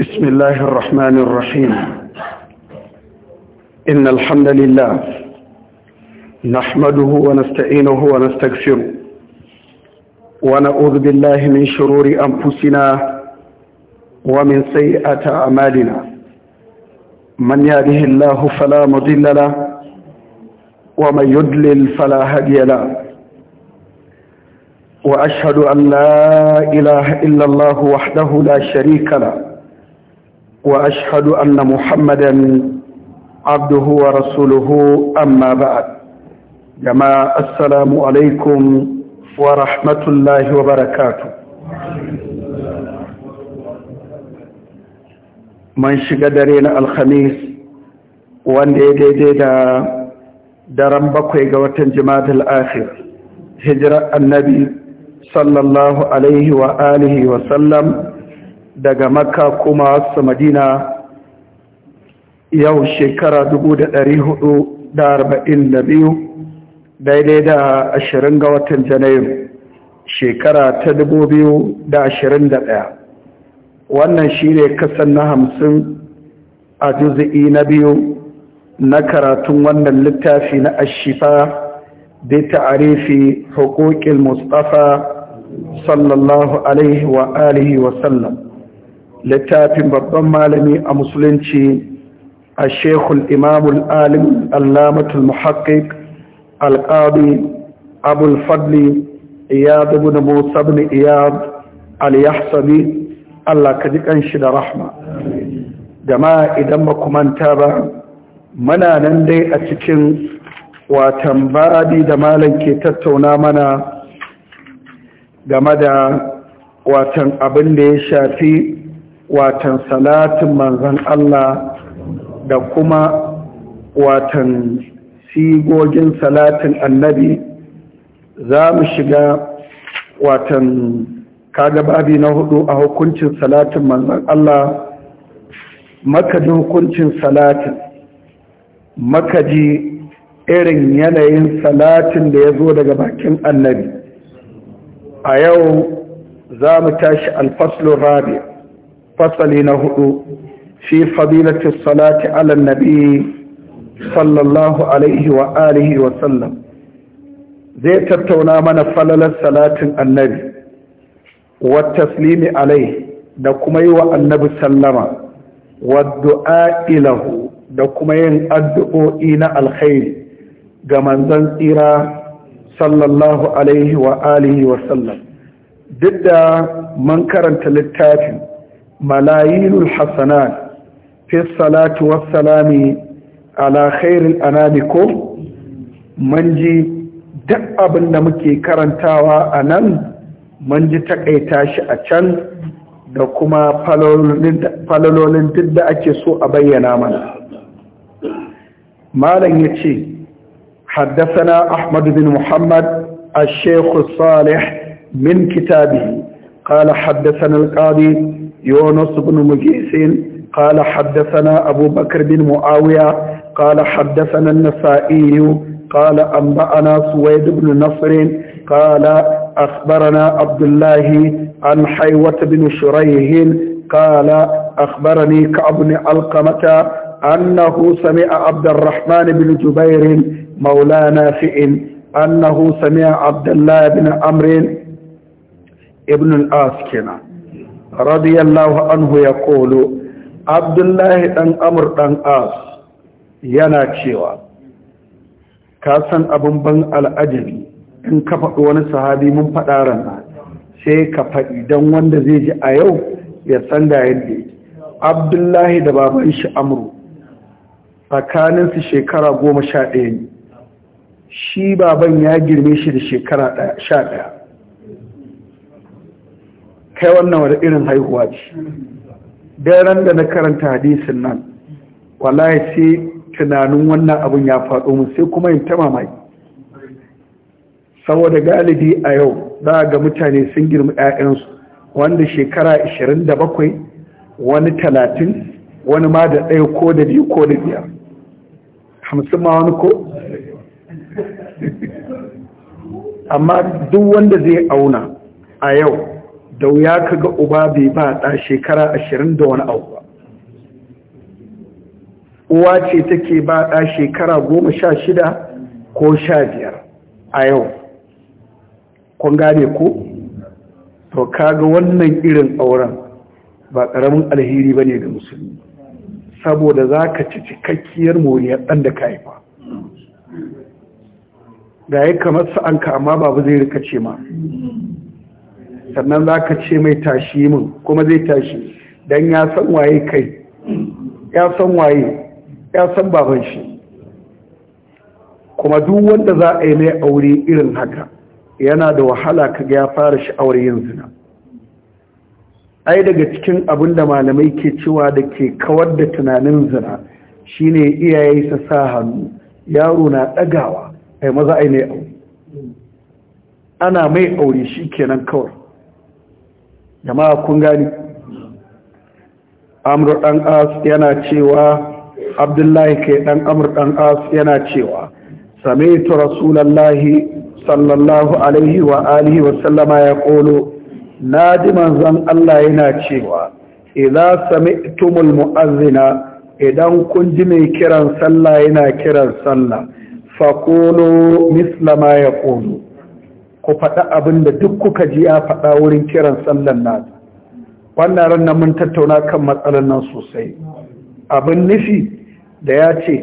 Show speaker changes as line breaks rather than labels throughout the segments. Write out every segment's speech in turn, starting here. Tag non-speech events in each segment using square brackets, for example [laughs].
بسم الله الرحمن الرحيم إن الحمد لله نحمده ونستعينه ونستغفره ونعوذ بالله من شرور أنفسنا ومن سيئة أعمالنا من يهده الله فلا مضل له ومن يضلل فلا هادي له وأشهد أن لا إله إلا الله وحده لا شريك له وأشهد أن محمدا عبده ورسوله أما بعد جماعة السلام عليكم ورحمة الله وبركاته من شقدرين الخميس وان دي دي دا درم بقوي قوة جماعة الآخر هجرة النبي صلى الله عليه وآله وسلم daga makka kuma su madina yau shekara biyu, daidai da ashirin ga watan janairu shekara ta da ashirin ɗaya. wannan shi ne kasan na hamsin a juzi'i na biyu na karatun wannan littafi na ashifa da ta'arifi hukukin mustafa sallallahu alaihi wa alihi wasallam littafin babban malami a musulunci a shekul imamul alim allamatul muhakkik alƙadi abulfadli iyad ibn musa ibn iyad al-yahsabi Allah ka ji kanshi da rahma jama'a idan ba manta ba muna nan dai a cikin watan baradi da malam ke tattauna mana game da watan abin da ya shafi watan salatin manzan Allah da kuma watan sigogin salatin annabi za mu shiga watan kaga babi na hudu a hukuncin salatin manzan Allah makaji hukuncin salatin makaji irin yanayin salatin da ya zo daga bakin annabi a yau za mu tashi alfaslun rabia fasali na hudu fi fadilatis salati ala nabi sallallahu alaihi wa alihi wa sallam zai tattauna mana falalar salatin annabi wa taslimi alai da kuma yi wa annabi sallama wa du'a ilahu da kuma yin addu'o'i na alkhairi ga manzan tsira sallallahu alaihi wa alihi wa sallam duk da man karanta littafin malayilul hasanat fi salatu wassalami ala khairil anami ko man ji duk abin da muke karantawa a nan man ji taƙaita shi a can da kuma falalolin duk da ake so a bayyana mana malam ya ce haddasa na ahmad bin muhammad a shekhu salih min kitabihi قال حدثنا القاضي يونس بن مجيس قال حدثنا أبو بكر بن معاوية قال حدثنا النسائي قال أنبأنا سويد بن نصر قال أخبرنا عبد الله عن حيوة بن شريح قال أخبرني كعب بن علقمة أنه سمع عبد الرحمن بن جبير مولى نافئ أنه سمع عبد الله بن عمرو ibn al-as kenan radiyallahu anhu ya kolo abdullahi dan amur ɗan as yana cewa ka san abin ban al'ajabi in ka faɗi wani sahabi mun faɗa ranar sai ka faɗi don wanda zai ji a yau ya san da yadda abdullahi da baban shi amuru tsakaninsu shekara goma sha ɗaya ne shi baban ya girme shi da shekara sha ɗaya kai wannan wani irin haihuwa ce daren da na karanta hadisin nan wallahi sai tunanin wannan abin ya faɗo mu sai kuma yin ta mamaki saboda galibi a yau za ga mutane sun girma 'ya'yansu wanda shekara 27 wani 30 wani ma da ɗaya ko da biyu ko da biyar hamsin ma wani ko
[laughs]
amma duk wanda zai auna a yau da wuya ka ga uba bai ba ɗa shekara ashirin da wani abu ba uwa ce take ba ɗa shekara goma sha shida ko sha biyar a yau kun gane ko to ga wannan irin auren ba ƙaramin alheri ba ne ga musulmi saboda za ka ci cikakkiyar moriyar ɗan da ka haifa ga yi kamar sa'anka amma babu zai rika ce ma sannan za ka ce mai tashi min kuma zai tashi don ya san waye kai ya san waye ya san baban shi kuma duk wanda za a yi mai aure irin haka yana da wahala kaga ya fara sha'awar yin zina ai daga cikin abin da malamai ke cewa da ke kawar da tunanin zina shine iyaye sa hannu yaro na ɗagawa ai maza ai mai aure ana mai aure shi kenan kawai jama'a kun gani amur dan as yana cewa abdullahi kai dan amur dan as yana cewa samaitu rasulullahi sallallahu alaihi wa alihi wa sallama ya na nadi manzan Allah yana cewa idza sami'tumul mu'azzina idan kun ji mai kiran sallah yana kiran sallah fa faqulu misla ma yaqulu ku faɗa abin da duk kuka ji ya faɗa wurin kiran sallan nata wannan ranar mun tattauna kan matsalar nan sosai abin nufi da ya ce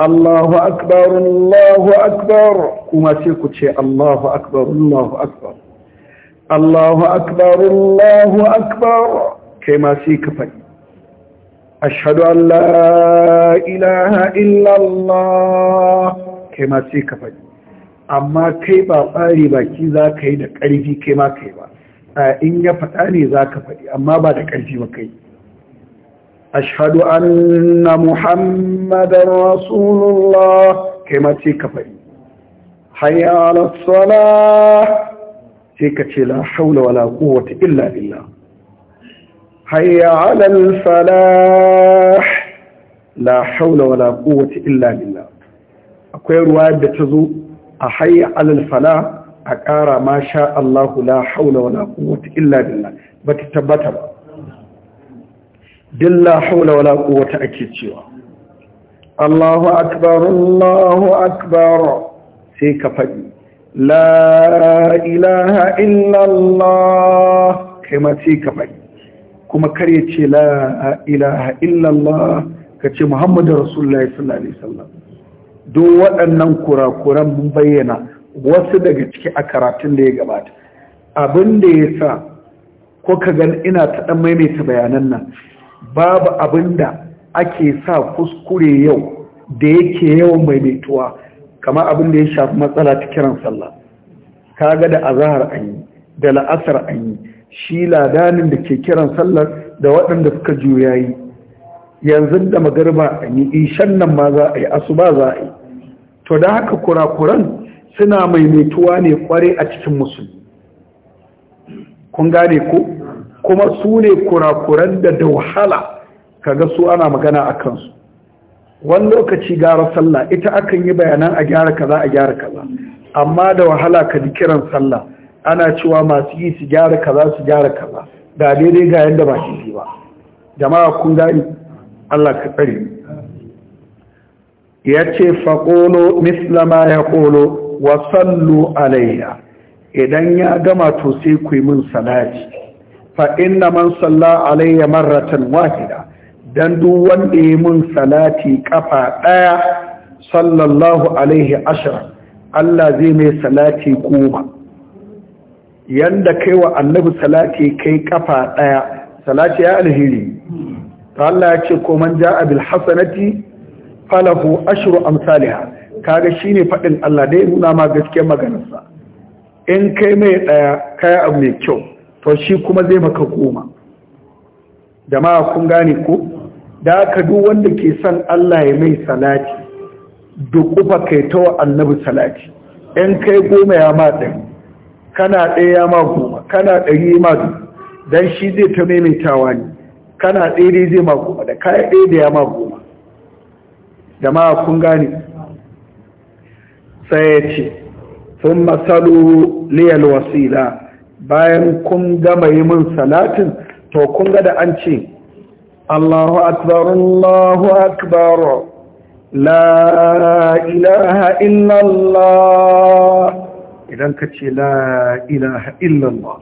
Allahu akbar Allahu akbar kuma sai ku ce Allahu akbar Allahu akbar Allahu akbar Allahu akbar kai ma sai ka faɗi ashhadu an ilaha illa kai ma sai ka faɗi amma kai ba ɓare baki za ka yi da ƙarfi kai ma kai ba in ya faɗa ne za ka faɗi amma ba da ƙarfi ba kai ashadu anna muhammadar rasulullah kai ma ce ka faɗi hayya ala sala sai ka ce la haula wala quwwata illa billah hayya ala al falah la haula wala quwwata illa billah akwai ruwa da ta zo a hayya alal a ƙara ma sha Allahu la haula wala quwwata illa billah ba ta tabbata ba dilla haula wala quwwata ake cewa Allahu akbar Allahu akbar sai ka faɗi la ilaha illallah. kai ma sai ka faɗi kuma kare ce la ilaha illallah. ka ce Muhammadu Rasulullahi sallallahu alaihi wasallam duk waɗannan kurakuran mun bayyana wasu daga ciki a karatun da ya gabata abin da ya sa ko ka gan ina ta ɗan maimaita bayanan nan babu abin da ake sa kuskure yau da yake yawan maimaituwa kama abin da ya shafi matsala ta kiran sallah ka ga da azahar an yi da la'asar an yi shi ladanin da ke kiran sallar da waɗanda suka juya yi yanzu da magarba a yi ishan nan ma za a yi asuba za a yi to da haka kurakuran suna maimaituwa ne kware a cikin musulmi kun gane ko kuma su ne kurakuran da da wahala kaga su ana magana a kansu wani lokaci gara sallah ita akan yi bayanan a gyara kaza a gyara kaza amma da wahala ka ji kiran sallah ana cewa masu yi su gyara kaza su gyara kaza Da daidai ga yadda ba shi ba jama'a kun gani Allah ka tsari ya ce faƙolo mislama ya ƙolo wa sallu alayya idan ya gama to sai ku yi min salati fa inna man salla alayya marratan wahida dan duk wanda yi min salati ƙafa ɗaya, sallallahu alaihi ashra Allah zai mai salati kuma yanda kai wa annabi salati kai ƙafa ɗaya, salati ya alheri to Allah ya ce ko man ja'a bil hasanati falahu ashru amsalha kaga shine fadin Allah dai nuna ma gaskiyar maganarsa in kai mai daya kai abu mai kyau to shi kuma zai maka goma jama'a kun gane ko da ka duk wanda ke son Allah ya mai salati duk kufa kai ta wa annabi salati in kai goma ya ma ɗari kana ɗaya ma goma kana ɗari ma duk Dan shi zai ta maimaitawa ne kana ɗaya zai ma goma da kaya ɗaya da ya ma goma da ma kun gane sai ya ce sun masalu liyal wasila bayan kun gama yi min salatin to kun ga da an ce Allahu akbar Allahu akbar la ilaha illallah idan ka ce la ilaha illallah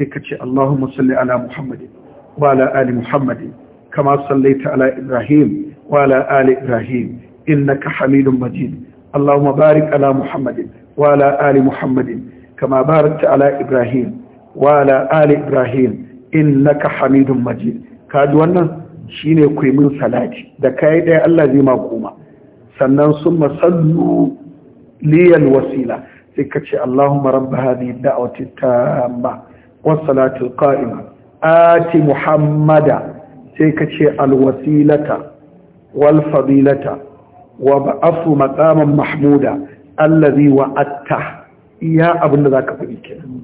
sai ka ce Allahu salli ala Muhammadin وعلى آل محمد كما صليت على إبراهيم وعلى آل إبراهيم إنك حميد مجيد اللهم بارك على محمد وعلى آل محمد كما باركت على إبراهيم وعلى آل إبراهيم إنك حميد مجيد kaji wannan shine ku yi min salati da kayi ɗaya Allah zai ma koma sannan sun masallu liyal wasila sai ka ce Allahumma rabba hadhihi da'wati tamma ati muhammada sai ka ce alwasilata walfadilata wa ba'afu maqaman mahmuda allazi wa'atta iya abinda za ka faɗi kenan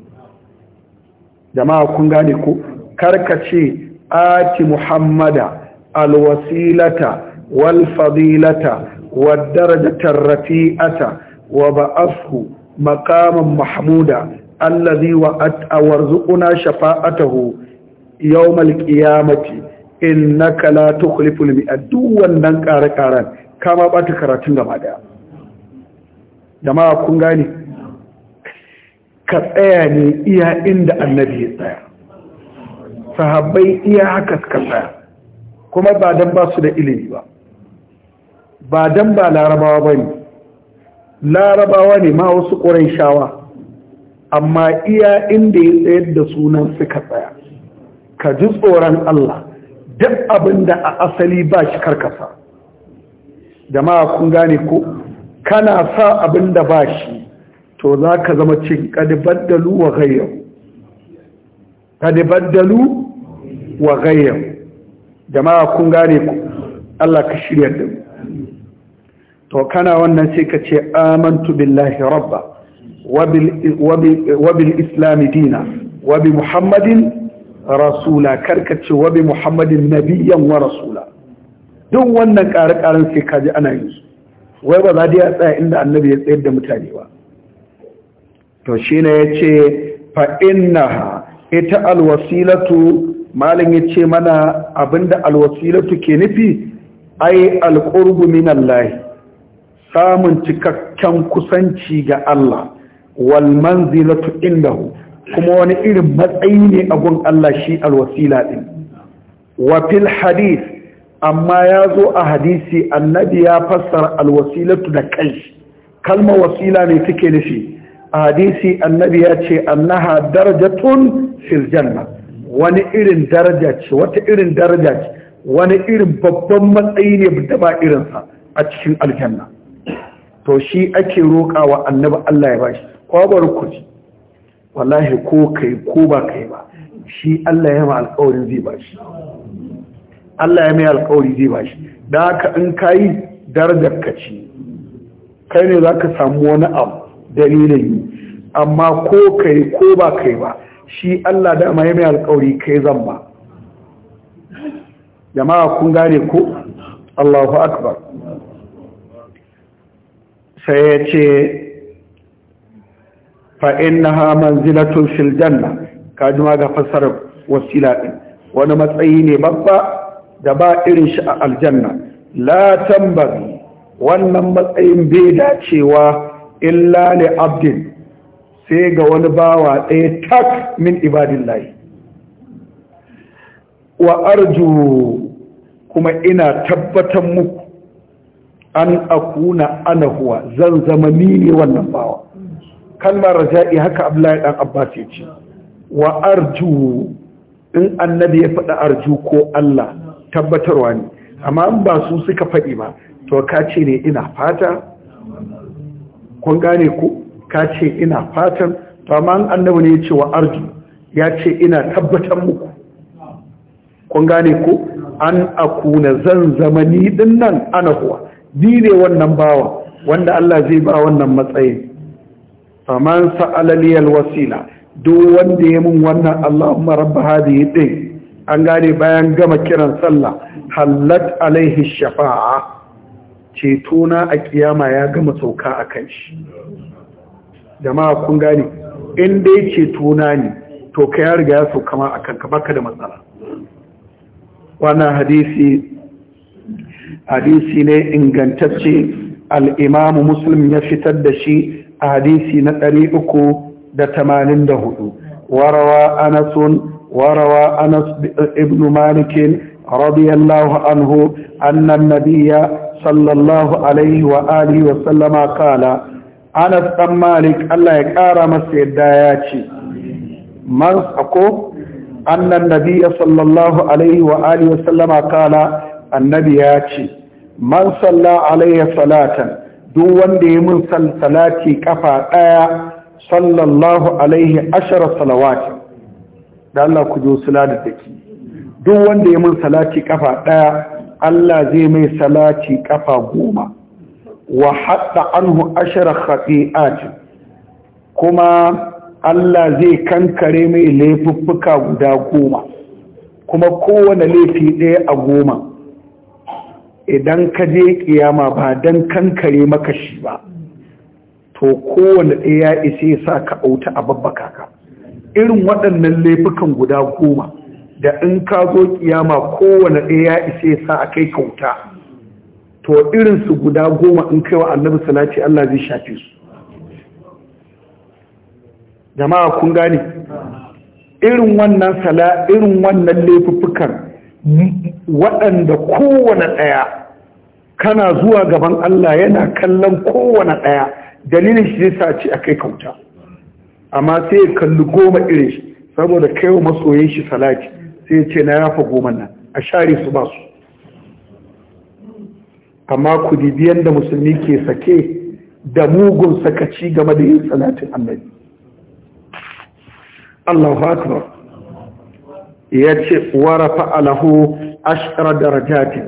jama'a kun gane ko karkace ati muhammada alwasilata walfadilata wadarajatar rafi'ata wa ba'afu maqaman mahmuda allazi wa'atta warzuquna shafa'atahu yawmal qiyamati innaka la tukhliful mi'ad duk wannan ƙare-ƙaren kama bata karatun gaba daya jama'a kun gane ka tsaya ne iya inda annabi ya tsaya sahabbai iya haka suka tsaya kuma ba dan ba su da ilimi ba ba dan ba larabawa ba ne larabawa ne ma wasu ƙurai shawa amma iya inda ya tsayar da sunan suka tsaya ka ji tsoron Allah duk abin da a asali ba shi karkasa da ma kun gane ko kana sa abin da ba shi to za ka zama cin ƙadibaddalu wa gayyau ƙadibaddalu wa gayyau da ma kun gane ku Allah ka shirya da mu to kana wannan sai ka ce amantu billahi rabba wa bil islami dina wa bi muhammadin rasula karkace wa bi muhammadin nabiyyan wa rasula duk wannan ƙare-ƙaren sai kaji ana yin su wai ba za da ya tsaya inda annabi ya tsayar da mutane ba to shi ne ya ce fa'innaha ita alwasilatu malin ya ce mana abinda alwasilatu ke nufi ai alƙurbu min Allah samun cikakken kusanci ga Allah wal manzilatu indahu kuma wani irin matsayi ne a gun Allah shi alwasila din wa fil hadith amma ya zo a hadisi annabi ya fassara alwasilatu da kai Kalma wasila ne take nufi a hadisi annabi ya ce annaha darajatun fil janna wani irin daraja ce wata irin daraja ce wani irin babban matsayi ne da ba irinsa a cikin aljanna to shi ake roƙawa annabi Allah ya bashi kwabar kuji wallahi ko kai ko ba kai ba shi Allah ya ma alƙawari zai ba shi Allah ya mai alƙawari zai ba shi da haka in ka yi darajar ka ce kai ne za ka samu wani abu dalilin yi amma ko kai ko ba kai ba shi Allah da ma ya mai alƙawari kai zan ba jama'a kun gane ko Allahu akbar sai ya ce fa innaha manzilatun fil janna ka ji ga fassarar wasila din wani matsayi ne babba da ba irin shi a aljanna la tambari wannan matsayin bai dacewa illa li abdin sai ga wani bawa ɗaya tak min ibadillahi wa arju kuma ina tabbatar muku an akuna ana huwa zan zama ni ne wannan bawa kalmar raja'i haka abdullahi dan abbas ya ce wa arju in annabi ya faɗi arju ko Allah tabbatarwa ne amma in ba su suka faɗi ba to ka ce ne ina fata kun gane ku ka ce ina fatan to amma in annabi ne ya ce wa arju ya ce ina tabbatar muku kun gane ku an akuna zan zama ni din ana huwa ni ne wannan bawa wanda Allah zai ba wannan matsayin faman sa'alaliyal wasila duk wanda ya mun wannan Allahumma Rabba hadhihi din an gane bayan gama kiran sallah hallat alaihi shafa'a ceto na a kiyama ya gama sauka a kan shi jama'a kun gane in dai ceto na ne to ka ya riga ya sauka ma akan ka da matsala wannan hadisi hadisi ne ingantacce al-imamu muslim ya fitar da shi a hadisi na 384 warawa anasun warawa anas ibn malik radiyallahu anhu anna nabiyya sallallahu alaihi wa alihi wa sallama qala anas dan malik Allah ya kara masa yadda ya ce man ako annan Nabiya, sallallahu alaihi wa alihi wa sallama qala annabi ya ce man salla alayya salatan duk wanda ya mun salati kafa daya sallallahu alaihi ashara salawati da Allah ku jo sula da take duk wanda ya mun salati kafa daya Allah zai mai salati kafa goma wa hatta anhu ashara khati'atin kuma Allah zai kankare mai laifuffuka guda goma kuma kowane laifi ɗaya a goma idan ka je kiyama ba don kankare maka shi ba to kowane ɗaya ya sa ka auta a babbaka ka irin waɗannan laifukan guda goma da in ka zo kiyama kowane ɗaya ya sa a kai kauta to irinsu guda goma in kai wa annabi salati Allah zai shafe su jama'a kun gane irin wannan sala irin wannan laifukan waɗanda kowane ɗaya kana zuwa gaban Allah yana kallon kowane ɗaya dalilin shi zai ce a kai kauta amma sai ya kalli goma irin shi saboda kai wa masoyin shi salati sai ya ce na yafa goma nan a share su ba su amma ku dibiyan da musulmi ke sake da mugun sakaci game da yin salatin annabi Allahu akbar ya ce rafa alahu daraja darajati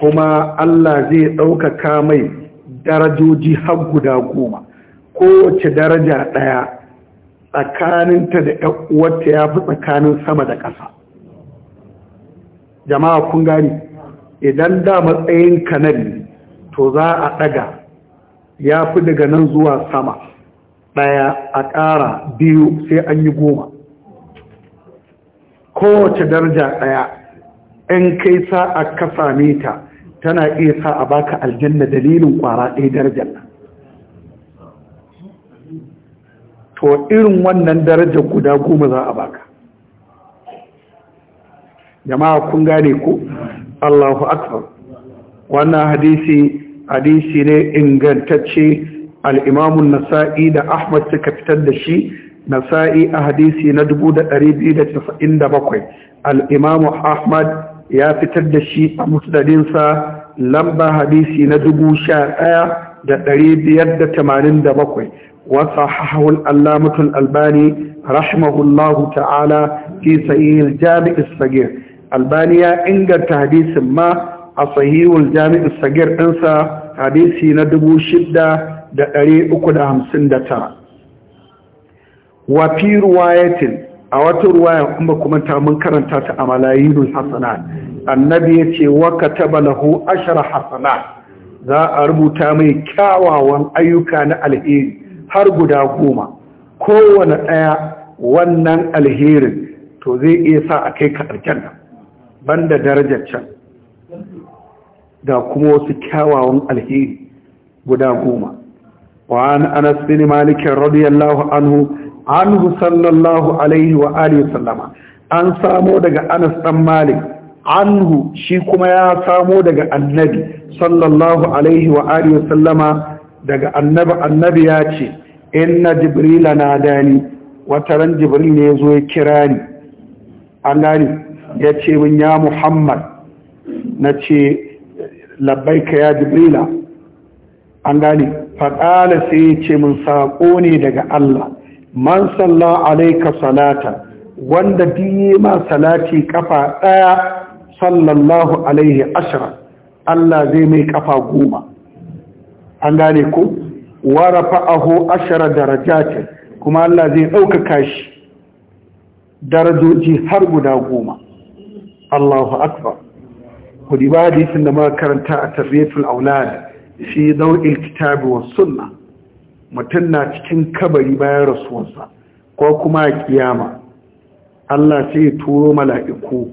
kuma Allah zai ɗaukaka mai darajoji har guda goma kowace daraja ɗaya tsakaninta da uwarta ya fi tsakanin sama da ƙasa jama'a kun gani idan da matsayin kanari to za a ɗaga ya fi daga nan zuwa sama ɗaya a ƙara biyu sai an yi goma kowace daraja ɗaya in kai sa'a ka same ta tana iya sa a baka aljanna dalilin ƙwara ɗaya darajar to irin wannan daraja guda goma za a baka jama'a kun gane ku allahu akbar wannan hadisi hadisi ne ingantacce al'imamun nasa'i da ahmad suka fitar da shi nasa'i a hadisi na 297 al-imamu ahmad ya fitar da shi a musnadinsa lamba hadisi na 11587 وصححه الألامة الألباني رحمه الله تعالى في صحيح الجامع الصغير ألبانيا إنجل تحديث ما صحيح الجامع الصغير انسى حديثي ندبو شدة دقري أكد همسن دتار wa fi ruwayatin a wata ruwaya kuma kuma ta mun karanta ta a malayinul hasana annabi ya ce wa kataba lahu ashara Hassana za a rubuta mai kyawawan ayyuka na alheri har guda goma kowane daya wannan alherin to zai iya sa a kai ka ban banda darajar can da kuma wasu kyawawan alheri guda goma wa an anas bin malik radiyallahu anhu an sallallahu alaihi wa alihi sallama an samo daga Anas dan Malik anhu shi kuma ya samo daga annabi sallallahu alaihi wa alihi sallama daga annabi annabi ya ce inna jibrila nadani wataran jibril ne yazo ya kira ni annani ya ce min ya muhammad na ce labbaika ya jibrila an gani faɗala sai ce mun saƙo ne daga Allah man salla alaika salata wanda biye ma salati kafa daya sallallahu alaihi ashra Allah zai mai kafa goma an gane ko wa rafa'ahu ashra darajat kuma Allah zai ɗaukaka shi darajoji har guda goma Allahu akbar kudi ba hadisin da muka karanta a tarbiyatul aulad fi dawil kitabi was sunnah mutum na cikin kabari bayan rasuwarsa ko kuma a kiyama Allah sai ya turo mala'iku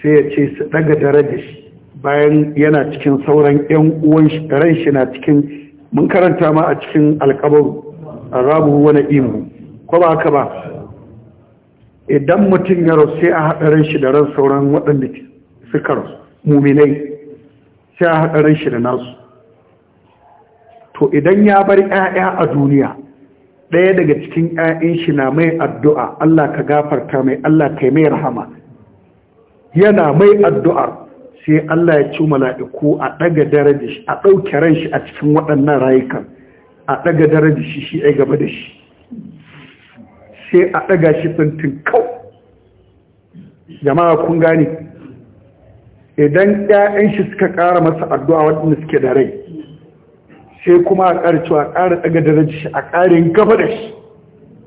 sai ya ce su daga daraja shi bayan yana cikin sauran ‘yan uwan ran shi na cikin mun karanta ma a cikin alkabaru a rabu wani imu ko ba haka ba idan mutum ya rasu sai a haɗa ran shi da ran sauran waɗanda suka rasu muminai sai a haɗa ran shi da nasu to idan ya bar 'ya'ya a duniya ɗaya daga cikin 'ya'yan shi na mai addu'a Allah ka gafarta mai Allah ka mai rahama yana mai addu'ar sai Allah ya ci mala'iku a ɗaga daraja shi a ɗauke ran shi a cikin waɗannan rayukan a ɗaga daraja shi shi ai gaba da shi sai a ɗaga shi tsintin kau jama'a kun gane idan 'ya'yan shi suka ƙara masa addu'a waɗanda suke da rai sai kuma a ƙara cewa a ƙara ɗaga daraja shi a ƙarin gaba da shi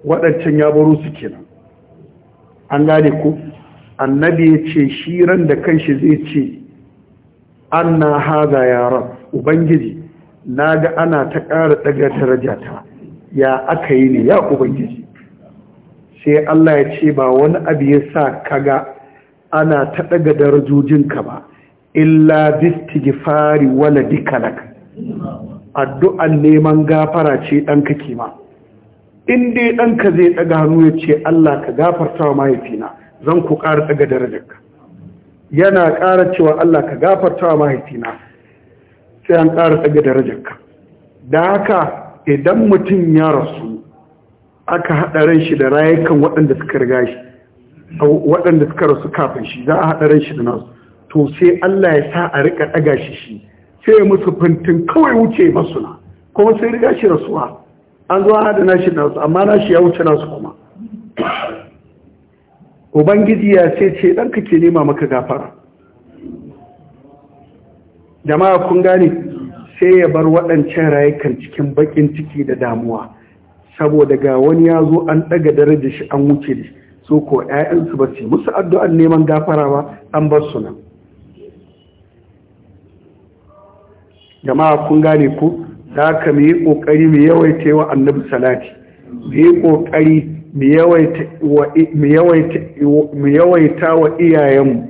waɗancan ya baro su kenan an gane ku annabi ya ce shi ran da kanshi zai ce an na haza yaran ubangiji na ga ana ta ƙara ɗaga daraja ta ya aka yi ne ya ubangiji sai Allah ya ce ba wani abu ya sa kaga ana ta ɗaga darajojinka ba illa bisti gifari wala dikalaka addu'an neman gafara ce ɗan ke ma in dai ɗanka zai ɗaga hannu ya ce Allah ka gafarta wa mahaifina zan ku ƙara ɗaga darajarka yana ƙara cewa Allah ka gafarta wa mahaifina sai an ƙara ɗaga darajarka da haka idan mutum ya rasu aka haɗa ran shi da rayukan waɗanda suka riga shi waɗanda suka rasu kafin shi za a haɗa ran shi da nasu to sai Allah ya sa a riƙa ɗaga shi shi sai musu fintin kawai wuce masu na kuma sai riga shi rasuwa an zo hada nashi nasu amma nashi ya wuce nasu kuma ubangiji ya ce ce ɗanka ke nema maka gafara jama'a kun gane sai ya bar waɗancan rayukan cikin bakin ciki da damuwa saboda ga wani ya zo an ɗaga darajar shi an wuce da shi so ko 'ya'yansu ba su musu addu'an neman gafara ba an bar su nan jama'a kun gane ku Za ka mu yi ƙoƙari mu yawaita wa annabi salati mu yi ƙoƙari mu yawaita wa iyayenmu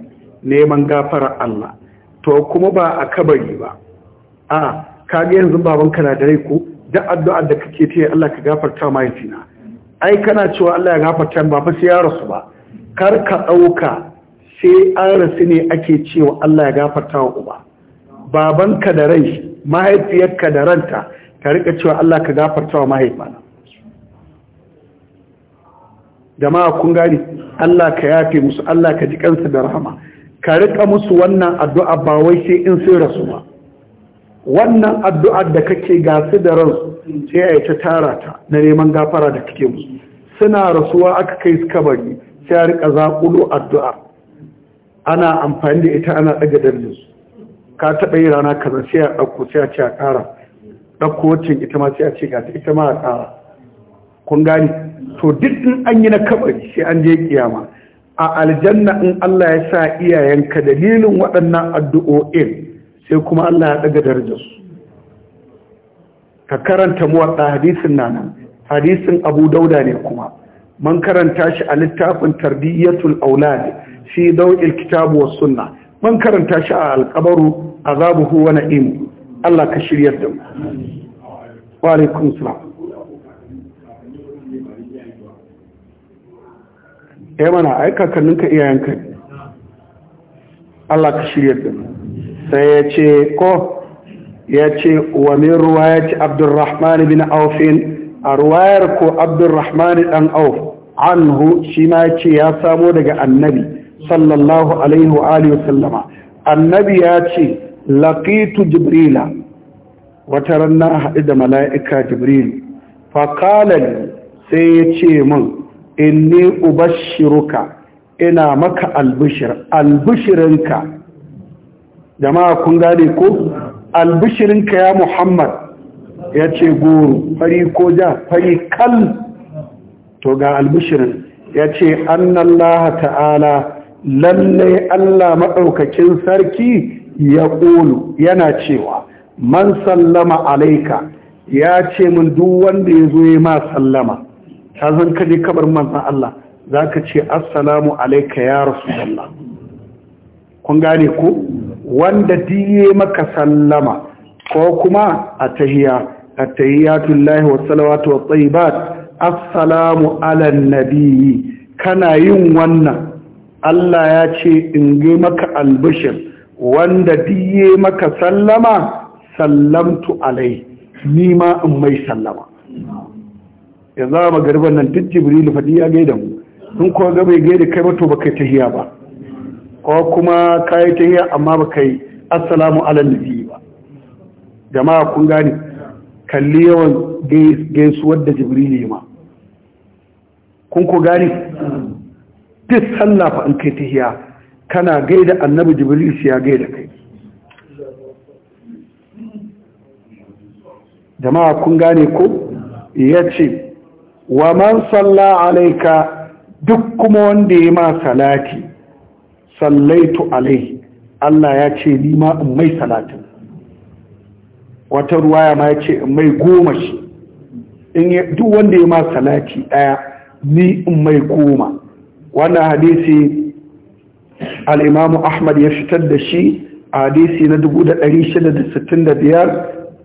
neman gafara Allah to kuma ba a kabari ba a kage yanzu babanka na da rai ku? da addu'a da kake ta yi Allah ka gafarta mahaifina ai kana cewa Allah ya gafarta ba fa sai ya rasu ba kar ka ɗauka sai an rasu ne ake cewa Allah ya gafarta wa uba babanka da rai mahaifiyarka da ranta ka rika cewa Allah ka gafarta wa mahaifana jama'a kun gani Allah ka yafe musu Allah ka ji kansu da rahama ka rika musu wannan addu'a ba wai sai in sai rasu ba wannan addu'a da kake gasu da ransu sai ya ta tara ta na neman gafara da kake musu suna rasuwa aka kai su kabari sai ya rika zaƙulo addu'a ana amfani da ita ana dalilin su ka taɓa yi rana kaza sai a ɗauko sai a ce a ƙara ɗauko ita ma sai a ce gata ita ma a ƙara kun gani to duk in an yi na kabari sai an je kiyama a aljanna in Allah ya sa iyayenka dalilin waɗannan addu'o'in sai kuma Allah ya ɗaga darajarsu ka karanta mu muwaɗa hadisin nan hadisin abu dauda ne kuma man karanta shi a littafin tarbiyyatul aulad fi dawil kitab was sunna mun karanta shi a alƙabaru huwa wa imu Allah ka shiryar da mu wa alaikum salam ya eh mana ka iyayen iyayenka Allah ka shiryar da sai ya ce ko ya ce wa min ruwa ya ce abdurrahman bin aufin a ruwayar ko abdurrahman dan auf hu shi ma ya ce ya samo daga annabi sallallahu alaihi wa alihi wasallama annabi ya ce laqitu jibrila wata ranna haɗu da mala'ika jibril li sai ya ce min inni ubashshiruka ina maka albishir albishirinka jama'a kun gane ko albishirinka ya muhammad ya ce goro fari ko ja fari kal to ga albishirin ya ce annallaha ta'ala lalle Allah maɗaukakin sarki ya ƙolu yana cewa man sallama alaika ya ce min duk wanda ya zo ya ma sallama ta zan kaje kabar manzan Allah za ka ce assalamu alaika ya rasulallah kun gane ku wanda diye maka sallama ko kuma a tahiya a lahi wa salawatu wa tsayibat assalamu ala nabiyyi kana yin wannan Allah ya ce in yi maka albishir wanda diye maka sallama sallamtu alai ni ma in mai sallama yanzu a magarban nan duk jibrilu faɗi ya gaida mu in kuwa ga bai gaida kai mato ba kai tahiya ba ko kuma ka yi tahiya amma ba kai assalamu alal nabi ba jama'a kun gane kalli yawan gaisuwar da jibrilu ma kun ku gane duk sallah fa an kai tahiya kana gaida annabi jibril ya gaida kai jama'a kun gane ko yace wa man salla alayka duk kuma wanda ya ma salati sallaitu alai Allah ya ce ni ma in mai salatin wata ruwaya ma ya ce in mai goma shi duk wanda ya ma salati daya ni in mai goma wannan hadisi al'imamu ahmad ya fitar da shi a hadisi na 665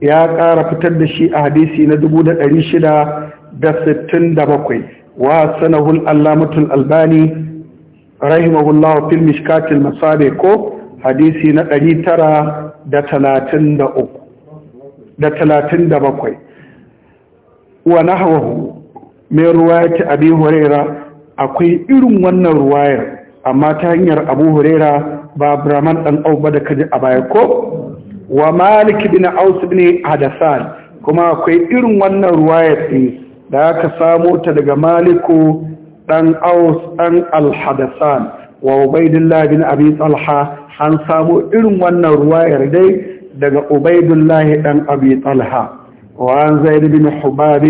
ya ƙara fitar da shi a hadisi na 667 wa sanahun allamatul albani rahimahullah fil mishkatil masabe ko hadisi na 937 wa nahwahu mai ruwa ya ci abi huraira akwai irin wannan ruwayar amma ta hanyar abu hurera ba brahman dan auba da kaji a baya ko wa maliki bin aus bin hadasan kuma akwai irin wannan ruwayar ɗin da aka samo ta daga maliku dan aus dan al wa ubaidillah bin abi talha an samo irin wannan ruwayar dai daga ubaidullahi ɗan abi talha wa an zaid bin hubab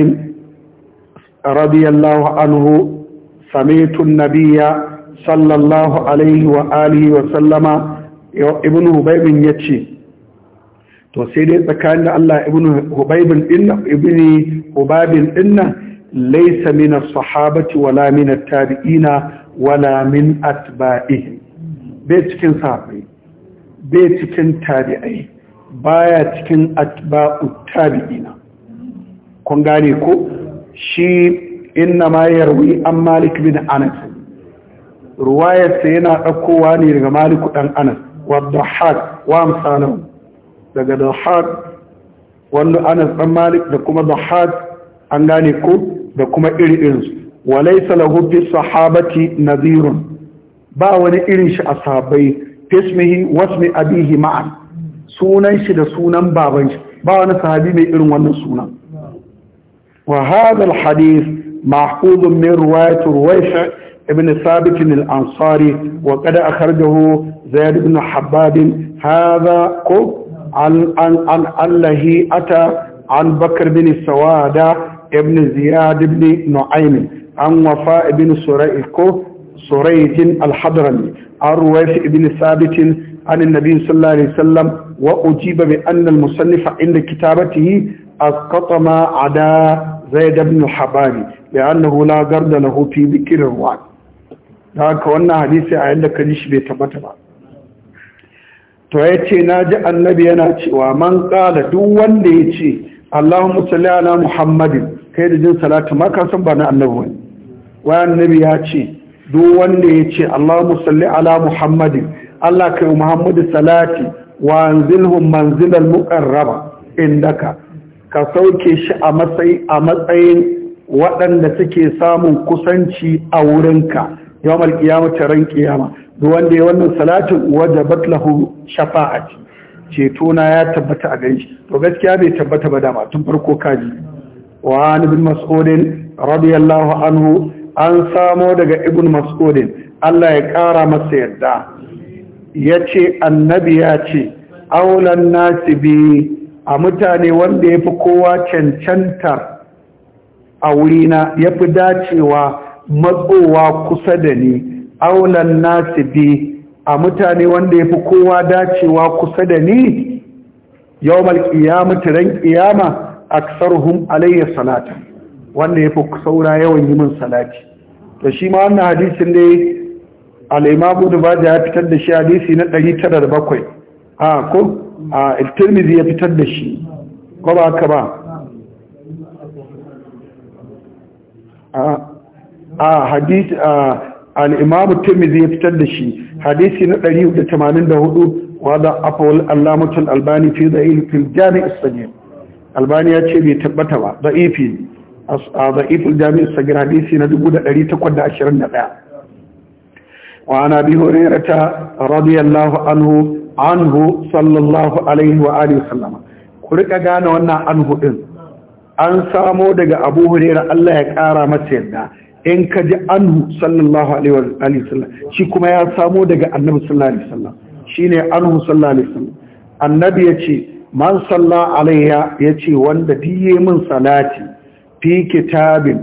radiyallahu anhu سمعت النبي صلى الله عليه وآله وسلم ابن هبيب يتشي to sai dai tsakanin da Allah ibn Hubaybin dinna ibn Hubabin dinna laysa min as-sahabati wala min at-tabi'ina wala min atba'ihim bai cikin sahabbai bai cikin tabi'ai baya cikin atba'u tabi'ina kun gane ko shi inna ma yarwi an malik bin anas ruwayarsa yana ɗaukowa ne daga maliku ɗan anas wadda haɗ wa amsanahu daga da haɗ wanda anas ɗan malik da kuma da haɗ an gane ko da kuma iri'insu walai salahubi sahabati nazirun ba wani irin shi a sahabai fesmihi wasmi abihi ma'an sunan shi da sunan baban shi ba wani sahabi mai irin wannan sunan wa hadal hadis محفوظ من رواية رويح ابن ثابت الأنصاري وقد أخرجه زيد بن حباب هذا عن عن عن الله أتى عن بكر بن السوادة ابن زياد بن نعيم عن وفاء بن سريكو سريج الحضرمي عن رويف بن ثابت عن النبي صلى الله عليه وسلم وأجيب بأن المصنف عند كتابته أسقط ما عدا zaid ibn habari li'annahu la garda lahu fi dhikr ar da haka wannan hadisi a yanda kaji shi bai tabbata ba to yace naji annabi yana cewa man qala duk wanda yace Allahumma salli ala Muhammadin kai da jin salatu ma ka san ba na annabi wani wa annabi ya ce duk wanda yace Allahumma salli ala Muhammadin Allah kai Muhammadu salati wa anzilhum manzilal muqarraba indaka ka sauke shi a matsayin waɗanda suke samun kusanci a wurinka yawmal qiyamati ran qiyama duk wanda ya wannan salatin wajabat lahu shafa'ati ceto na ya tabbata a gani to gaskiya bai tabbata ba dama tun farko kaji wa an ibn mas'udin radiyallahu anhu an samo daga ibn mas'udin Allah ya kara masa yadda yace annabi ya ce aulan nasibi a mutane wanda ya fi kowa cancanta a wurina ya fi dacewa matsowa kusa da ni aunan nasi bi a mutane wanda ya fi kowa dacewa kusa da ni yau malƙiyama tiran ƙiyama a ƙasarhun alayyar salata wanda ya fi saura yawan yi min salati to shi ma wannan hadisin dai al'imamu da ba ya fitar da shi hadisi na 907 a ah, ko a ah, tirmidhi ya fitar da shi ko ba haka ba a ah, hadith al-imam tirmidhi ya fitar da shi hadisi na 184 da afawal allamatul albani fi da'il fil jami' as-sagir albani ya ce bai tabbata ba da'ifi a da'iful jami' as-sagir hadisi na 1821 وعن أبي هريرة رضي الله عنه عنه صلى الله عليه وآله وسلم كرك أغانا wannan Anhu din. an samo daga abu hurera Allah ya kara masa yadda in ka ji anhu sallallahu alaihi wa wasallam shi kuma ya samo daga annabi sallallahu alaihi wasallam shine anhu sallallahu alaihi wasallam annabi yace man salla alayya yace wanda diye min salati fi kitabin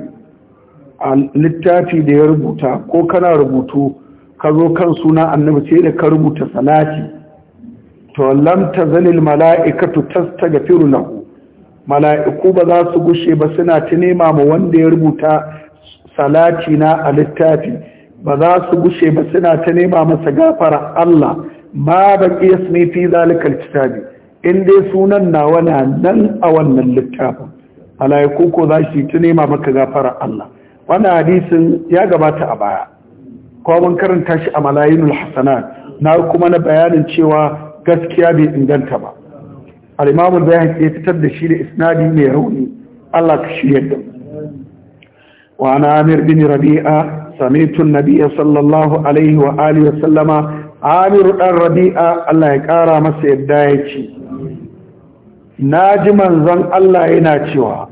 littafi da ya rubuta ko kana rubutu ka zo kan suna annabi sai da ka rubuta salati to lam tazalil mala'ikatu tastaghfiru lahu mala'iku ba za su gushe ba suna ta nema ma wanda ya rubuta salati na a littafi ba za su gushe ba suna ta nema masa gafara Allah ma baqi ismi fi zalikal kitabi in dai sunan nawa na nan a wannan littafin mala'iku ko za su ta nema maka gafara Allah wannan hadisin ya gabata a baya kuma mun karanta shi a malayinul hasanat na kuma na bayanin cewa gaskiya bai inganta ba alimamun bayan al fitar da shi da isnadi mai rauni Allah ka shirya da wa na amir bin rabi'a Samitun an sallallahu alaihi wa alihi sallama amiru dan rabi'a Allah ya kara masa yadda ya ce Na ji manzon Allah yana cewa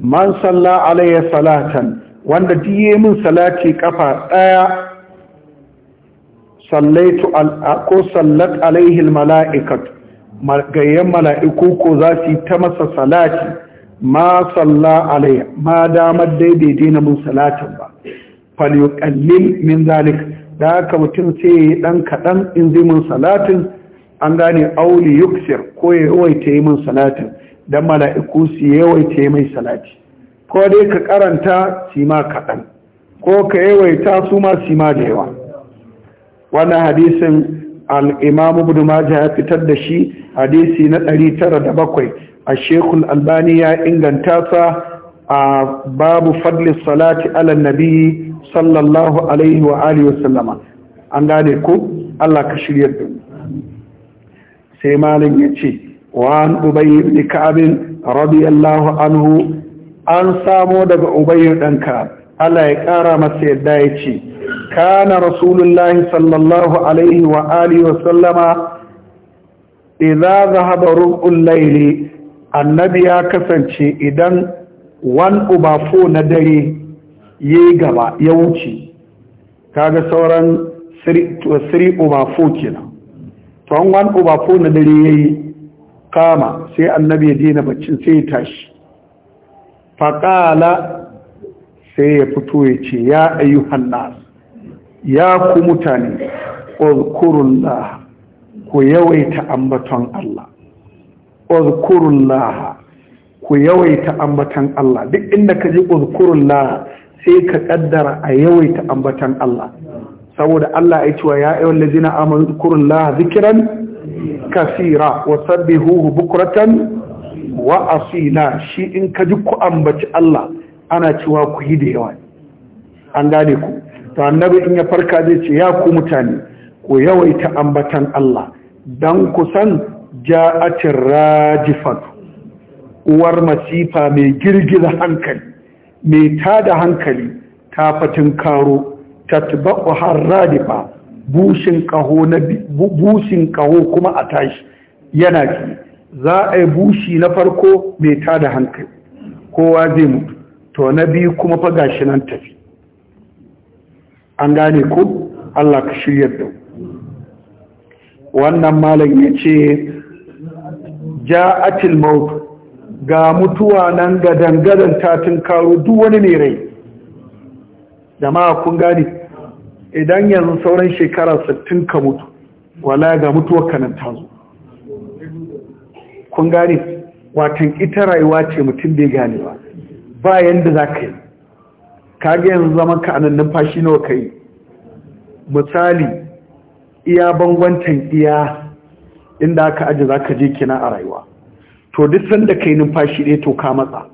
man salla alaihi salatan wanda diye min salati kafa ɗaya. sallaitu ko sallat alaihi mala'ikat gayyan mala'iku ko za ta masa salati ma salla alaihi ma damar daidai dina mun salatin ba falyukallil min zalik da ka mutum sai ya dan kadan in zai mun salatin an gane auli yuksir ko ya yawaita yi mun salatin dan mala'iku su yawaita yi mai salati ko dai ka karanta shi ma kadan ko ka yawaita su ma sima da yawa wannan hadisin al’imamu budu maja ya fitar da shi hadisi na 907 a shekul albani ya inganta sa a babu fadli salati ala nabi sallallahu alaihi wa alihi wasallama an gane ku. Allah ka shirya da sai sai malam ce, wa an ubayi ibn Rabi radiyallahu anhu an samo daga ubayi dan ka'ab Allah ya ƙara masa yadda ya ce, Kana Rasulullahi sallallahu Alaihi wa wa sallama, Iza zahaba rukun laili, annabi ya kasance idan wan ubafo na dare ya yi gaba ya wuce, kaga sauran siri ubafo kenan. Tuwan wan ubafo na dare ya yi kama sai annabi ya dina baccin sai ya tashi. Faƙala sai ya fito ya ce ya ayu hannu ya ku mutane laha ku yawaita ambaton Allah laha ku yawaita ambaton Allah duk inda ka ji laha sai ka kaddara a yawaita ambaton Allah saboda Allah ya ce wa ya ayyuhal ladzina amanu uzkurullah zikran kasira huhu bukratan wa asila shi in ka ji ku ambaci Allah ana cewa ku yi da yawa an gane ku to annabi in ya farka zai ce ya ku mutane ku yawaita ambatan Allah dan san ja'atir rajifat uwar masifa mai girgiza hankali mai tada hankali ta fatin karo tatba'u harradifa bushin kaho na bushin kaho kuma a tashi yana ji za a yi bushi na farko mai tada hankali kowa zai mutu to na biyu kuma fa gashi nan tafi an gane ku Allah ka shirya da wannan malam ya ce ja'atil maut ga mutuwa nan ga dangadan tatin karo duk wani ne rai Da ma kun gane idan yanzu sauran shekara 60 ka mutu wala ga mutuwar kanan zo?
kun gane watan
ita rayuwa ce mutum bai ganewa ba yadda za ka yi kage yanzu zaman ka anan numfashi nawa ka yi misali iya bangwantan iya inda aka aji za ka je kina a rayuwa to duk sanda ka yi numfashi ɗaya to ka matsa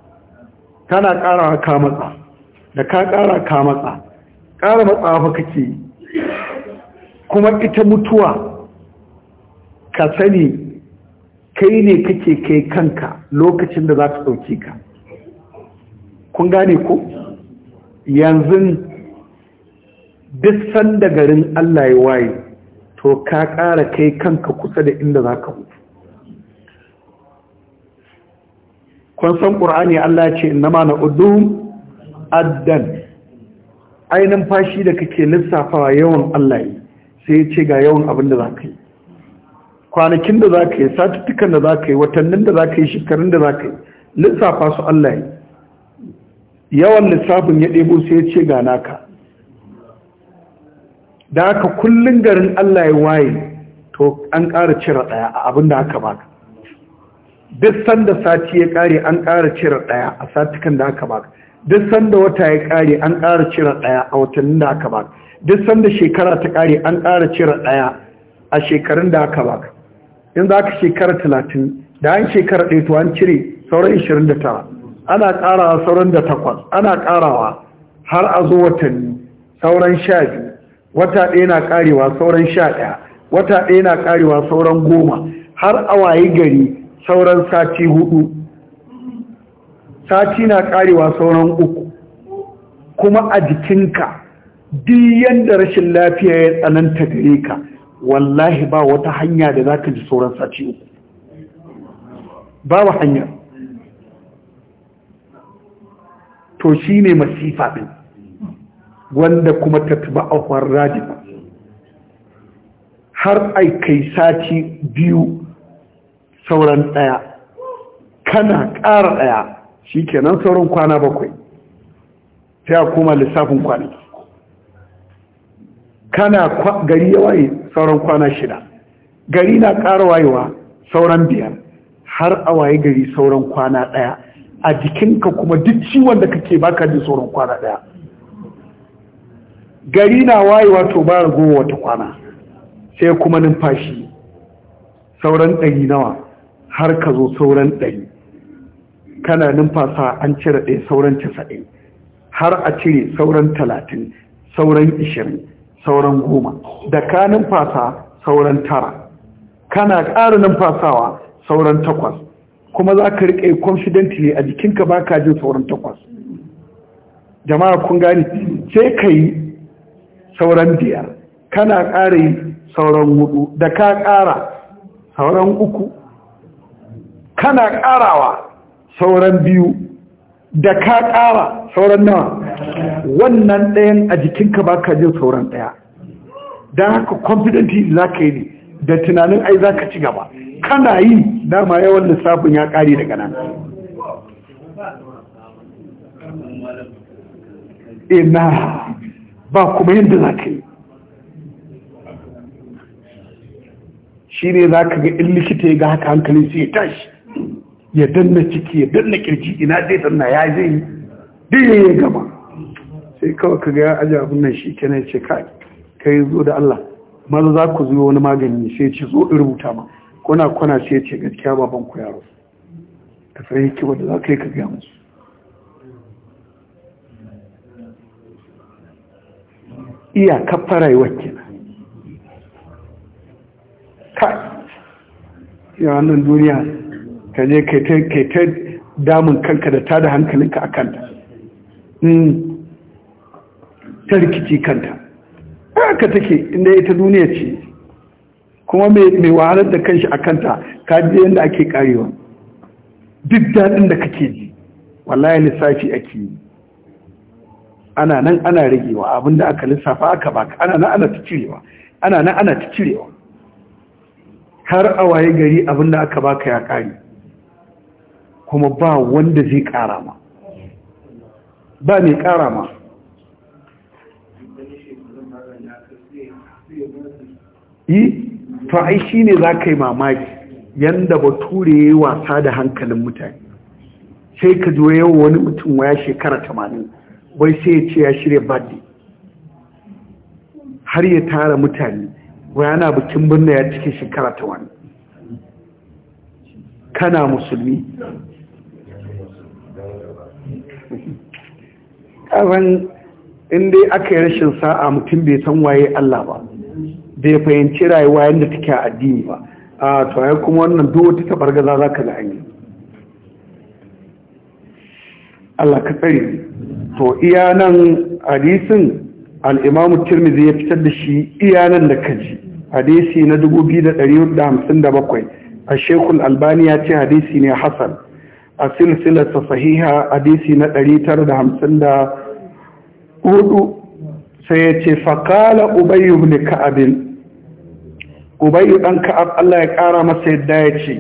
kana ƙara ka matsa da ka ƙara ka matsa ƙara matsa fa kake yi kuma ita mutuwa ka sani kai ne kake kai kanka lokacin da za ka ɗauke ka kun gane ku? yanzu duk da garin Allah ya waye to ka ƙara kai kanka kusa da inda za ka mutu kun san ƙur'ani Allah ce na ma na udum addan ainihin fashi da kake lissafawa yawan Allah yi sai ya ce ga yawan abin da za ka yi kwanakin da za ka yi satuttukan da za ka yi watannin da za ka yi shekarun da za ka yi lissafa su Allah yi yawan lissafin ya ɗebo sai ya ce gana ka da aka kullum garin Allah ya waye to an ƙara cire ɗaya a abin da aka baka duk sanda sati ya ƙare an ƙara cire ɗaya a kan da aka baka duk sanda wata ya ƙare an ƙara cire ɗaya a watannin da aka baka duk sanda shekara ta ƙare an ƙara cire ɗaya a shekarun da aka baka za ka shekara talatin da an shekara ɗaya to an cire sauran ishirin da tara ana ƙarawa sauran da takwas ana ƙarawa har a zo watanni sauran sha biyu wata ɗaya na ƙarewa sauran sha ɗaya wata ɗaya na ƙarewa sauran goma har a wayi gari sauran sati hudu sati na ƙarewa sauran uku kuma a jikinka duk yadda rashin lafiya ya tsananta gare ka wallahi ba wata hanya da za ka ji sauran sati uku babu hanyar to shi ne masifa ɗin wanda kuma ta tuba a rajin har ai kai sati biyu sauran ɗaya kana ƙara ɗaya shi kenan sauran kwana bakwai sai a koma lissafin kwanaki kana gari ya waye sauran kwana shida gari na ƙara wayewa sauran biyar har a waye gari sauran kwana ɗaya a jikinka kuma duk ciwon da kake baka ji sauran kwana daya gari na wayewa to ba ragowa wata kwana sai kuma numfashi sauran ɗari nawa har ka zo sauran ɗari kana numfasa an cire ɗaya sauran casa'in har a cire sauran talatin sauran ishirin sauran goma da ka numfasa sauran tara kana ƙara numfasawa sauran takwas kuma za ka riƙe confidently a jikinka ba ka jin sauran takwas jama'a kun gani sai ka yi sauran biyar kana ƙara yi sauran hudu da ka ƙara sauran uku kana ƙarawa sauran biyu da ka ƙara sauran nawa wannan ɗayan a jikinka ba ka jin sauran ɗaya don haka confidently za ka yi ne da tunanin ai za ka ci gaba kana yi dama yawan lissafin ya kare daga nan ina ba kuma yadda za ka yi shi ne za ka ga in likita ya ga haka hankali sai ya tashi ya danna ciki ya danna kirji ina zai danna ya zai duk ya gama sai kawai ka ga ya aji abin nan shi kenan ce kai zo da Allah maza za ku zuwa wani magani sai ce zo in rubuta ma kuna kuna sai ce gaskiya baban ku yaro ka sai hikima da za ka yi ka gaya musu iya kafa rayuwar kenan ka Ya wannan duniya ka je ka ta damun kanka da ta da hankalinka a kanta hmm, ta rikici kanta haka take inda ita duniya ce kuma mai wahalar da kanshi a kanta ka ji yadda ake karewa duk daɗin da kake ji wallahi lissafi ake yi ana nan ana ragewa abinda aka lissafa aka baka ana nan ana ta cirewa ana nan ana ta cirewa har a waye gari abinda aka baka ya kare kuma ba wanda zai kara ma ba mai kara ma yi to ai shi ne za ka yi mamaki yadda bature ya yi wasa da hankalin mutane sai ka zo yau wani mutum waya shekara tamanin wai sai ya ce ya shirya birthday har ya tara mutane waya na bikin binne ya cike shekara tamanin kana musulmi ƙaran inda aka yi rashin sa'a mutum bai san waye Allah ba bai fahimci rayuwa yadda take a addini ba a tsaye kuma wannan duk ta bargaza za ka da yi. Allah ka tsari to iya nan hadisin al'imamu tirmizi ya fitar da shi iya nan da kaji hadisi na 2,157 a shekul albani ya ce hadisi ne hassan a silsilarsa sahiha hadisi na 954 sai ya ce fakala ubayu ne ka'abin ubayi dan ka'ab Allah ya kara masa yadda ya ce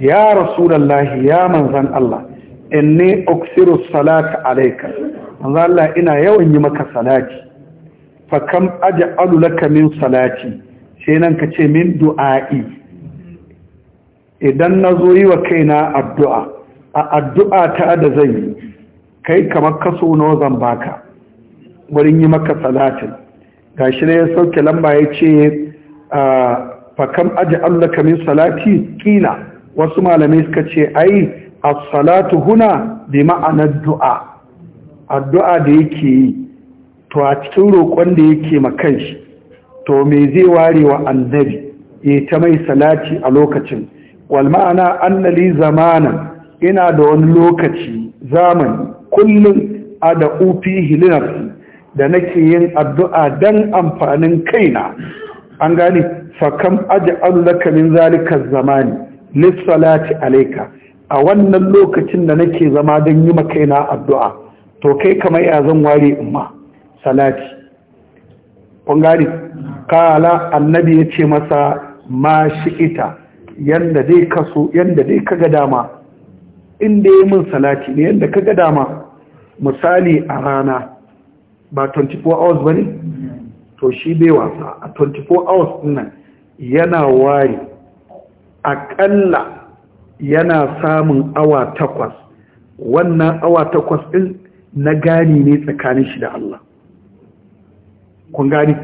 ya rasulullahi ya manzan Allah inni uksiru salata alaika. manzan Allah ina yawan yi maka salati fa kam aj'alu laka min salati sai nan ka ce min du'a'i idan zo yi wa kaina addu'a a addu'a ta da zan yi kai kamar kaso na zan baka wurin yi maka salatin gashi ne ya sauke lamba ya ce fakam aji Allah min salati kila wasu malamai suka ce ai as-salatu huna bi ma'anar du'a addu'a da yake yi to a cikin roƙon da yake makan shi to me zai ware wa annabi ya ta mai salati a lokacin wal ma'ana annali zamana ina da wani lokaci zamani kullum a da ufi da nake yin addu'a dan amfanin kaina an gane fakam aj'alu allaka min zalika zamani lissalati alayka a wannan lokacin da nake zama don yi maka ina addu'a to kai kamar ya zan ware umma salati kun gane kala annabi ya ce masa ma ita yanda zai kaso yanda zai kaga dama inda yi min salati ne yanda kaga dama misali a rana ba 24 hours ba ne to shi bai wasa a 24 hours nan yana wari akalla yana samun awa takwas wannan awa takwas ɗin na gani ne tsakanin shi da Allah kun gani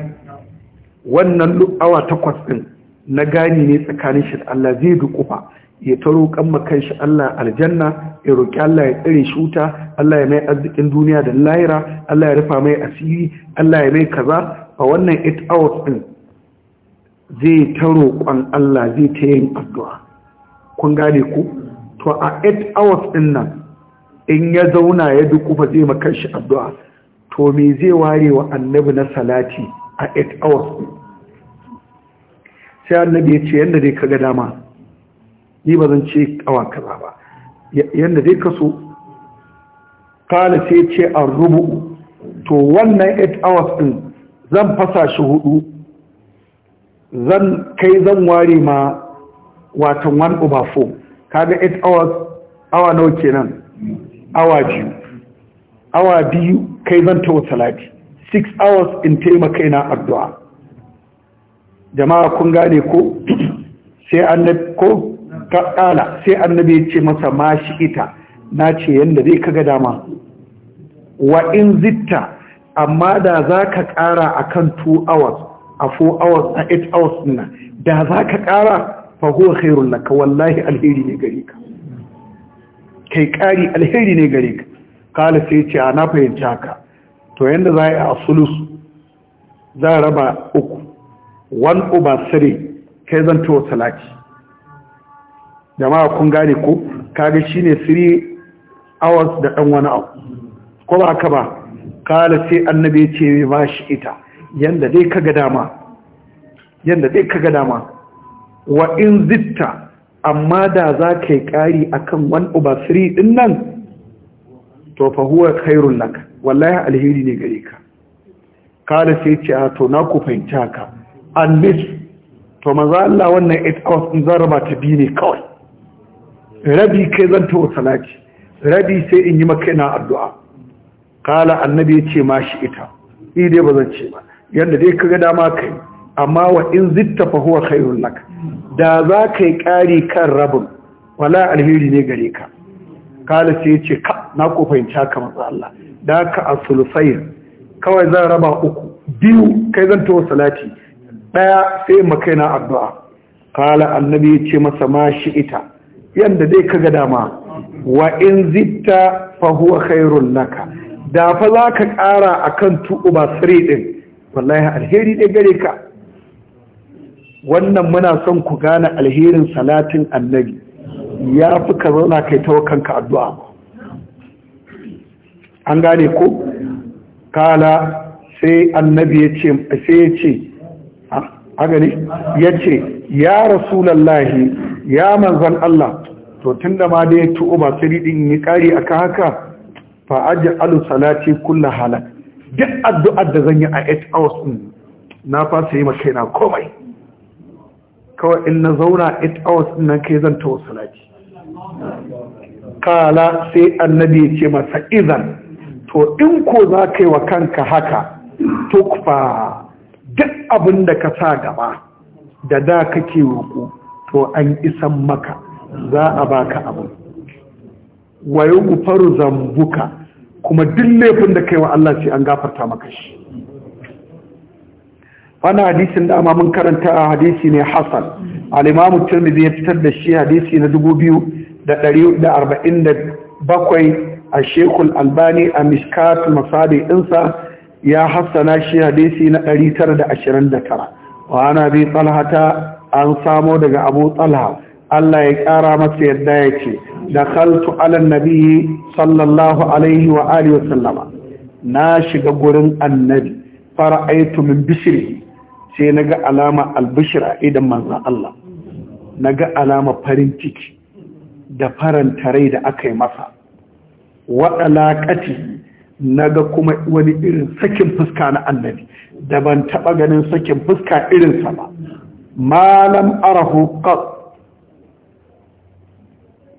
wannan awa takwas ɗin na gani ne tsakanin shi da Allah zai dukufa ya taro kanma kanshi shi Allah aljanna ya roƙi Allah ya tsare shi wuta Allah ya mai arzikin duniya da lahira Allah ya rufa mai asiri Allah ya mai kaza a wannan it hours din zai taro kan Allah zai ta yin addu'a kun gane ku to a it hours din nan in ya zauna ya fa zai maka shi addu'a to me zai ware wa annabi na salati a it hours sai annabi ya ce yadda dai kaga dama ni ba zan ce awa kaza ba yadda dai kaso kala sai ce an rubu to wannan 8 hours din zan fasa shi hudu zan kai zan ware ma watan 1 over 4 kaga 8 hours awa nawa kenan awa biyu awa biyu kai zan tawo salati 6 hours in taimaka na addu'a jama'a kun gane ko [clears throat] sai annabi ko kala sai annabi ya ce masa ma shi ita na ce yadda zai kaga dama wa in zitta amma da za ka ƙara a kan 2 hours a 4 hours a 8 hours nuna da za ka ƙara fahuwa khairun laka wallahi alheri ne gare ka kai ƙari alheri ne gare ka kala sai ce a na fahimci haka to yadda za a yi a sulus za a raba uku 1 over 3 kai zan tuwa salaki. jama'a kun gane ko kaga shine 3 hours da dan wani abu ko ba ka ba kala sai annabi ce ba shi ita yanda dai kaga dama yanda dai kaga dama wa in zitta amma da za ka yi kari akan kan over 3 din nan to fa huwa khairul lak wallahi alheri ne gare ka kala sai ce a to na ku fahimci ka. an to maza Allah wannan 8 hours in zaraba ta biyu ne kawai rabi kai zan to salati rabi sai in yi maka ina addu'a kala annabi ya ce ma ita ni dai ba zan ce ba yadda dai ka ga dama kai amma wa in zitta fa huwa khairul lak da za ka yi ƙari kan rabin wala alheri ne gare ka kala sai ya ce ka na ko fahimta ka manzo Allah da ka a kawai zan raba uku biyu kai zan to salati daya sai makaina addu'a kala annabi ya ce masa ma shi ita yanda dai ka ga dama wa in zitta fa huwa khairul laka da fa za ka ƙara a kan tuɓu ba ɗin wallahi alheri ɗin gare ka wannan muna son ku gane alherin salatin annabi ya fi ka zauna kai ta kanka addu'a an gane ko kala sai annabi ya ce agani ya ce ya rasulallahi ya manzan Allah to tun da ma da ya tu'o masu riɗin yi ƙari a haka fa'ajin alusalati kulla halak duk addu'ar da zan yi a hours ɗin na fasa yi maka yana komai kawai in na zauna hours ɗin nan ke zan ta salati kala sai annabi ce masa izan to in ko za ka yi wa kanka haka tukfa duk abin da ka sa gaba da da kake roƙo to an isan maka za a baka abu wayo gufaru zambuka kuma duk laifin da kai wa Allah sai an gafarta maka shi wannan hadisin da amma mun karanta a hadisi ne Hassan al-Imam Tirmidhi ya fitar da shi hadisi na da arba'in bakwai a Shekul albani a Mishkat Masadi dinsa ya hassana shi hadisi na ɗari tara da ashirin 929 wa ana bi talhata an samo daga abu talha Allah ya ƙara masa yadda ya ce da kaltu alan nabi sallallahu alaihi wa alihi wa sallama na shiga gurin annabi aitu min bishiri sai ga alama albishira idan manza Allah ga alama farin ciki da faranta rai da aka yi masa waɗalaƙati na ga kuma wani irin sakin fuska na annabi da ban taɓa ganin sakin fuska irinsa ba malam arahu qat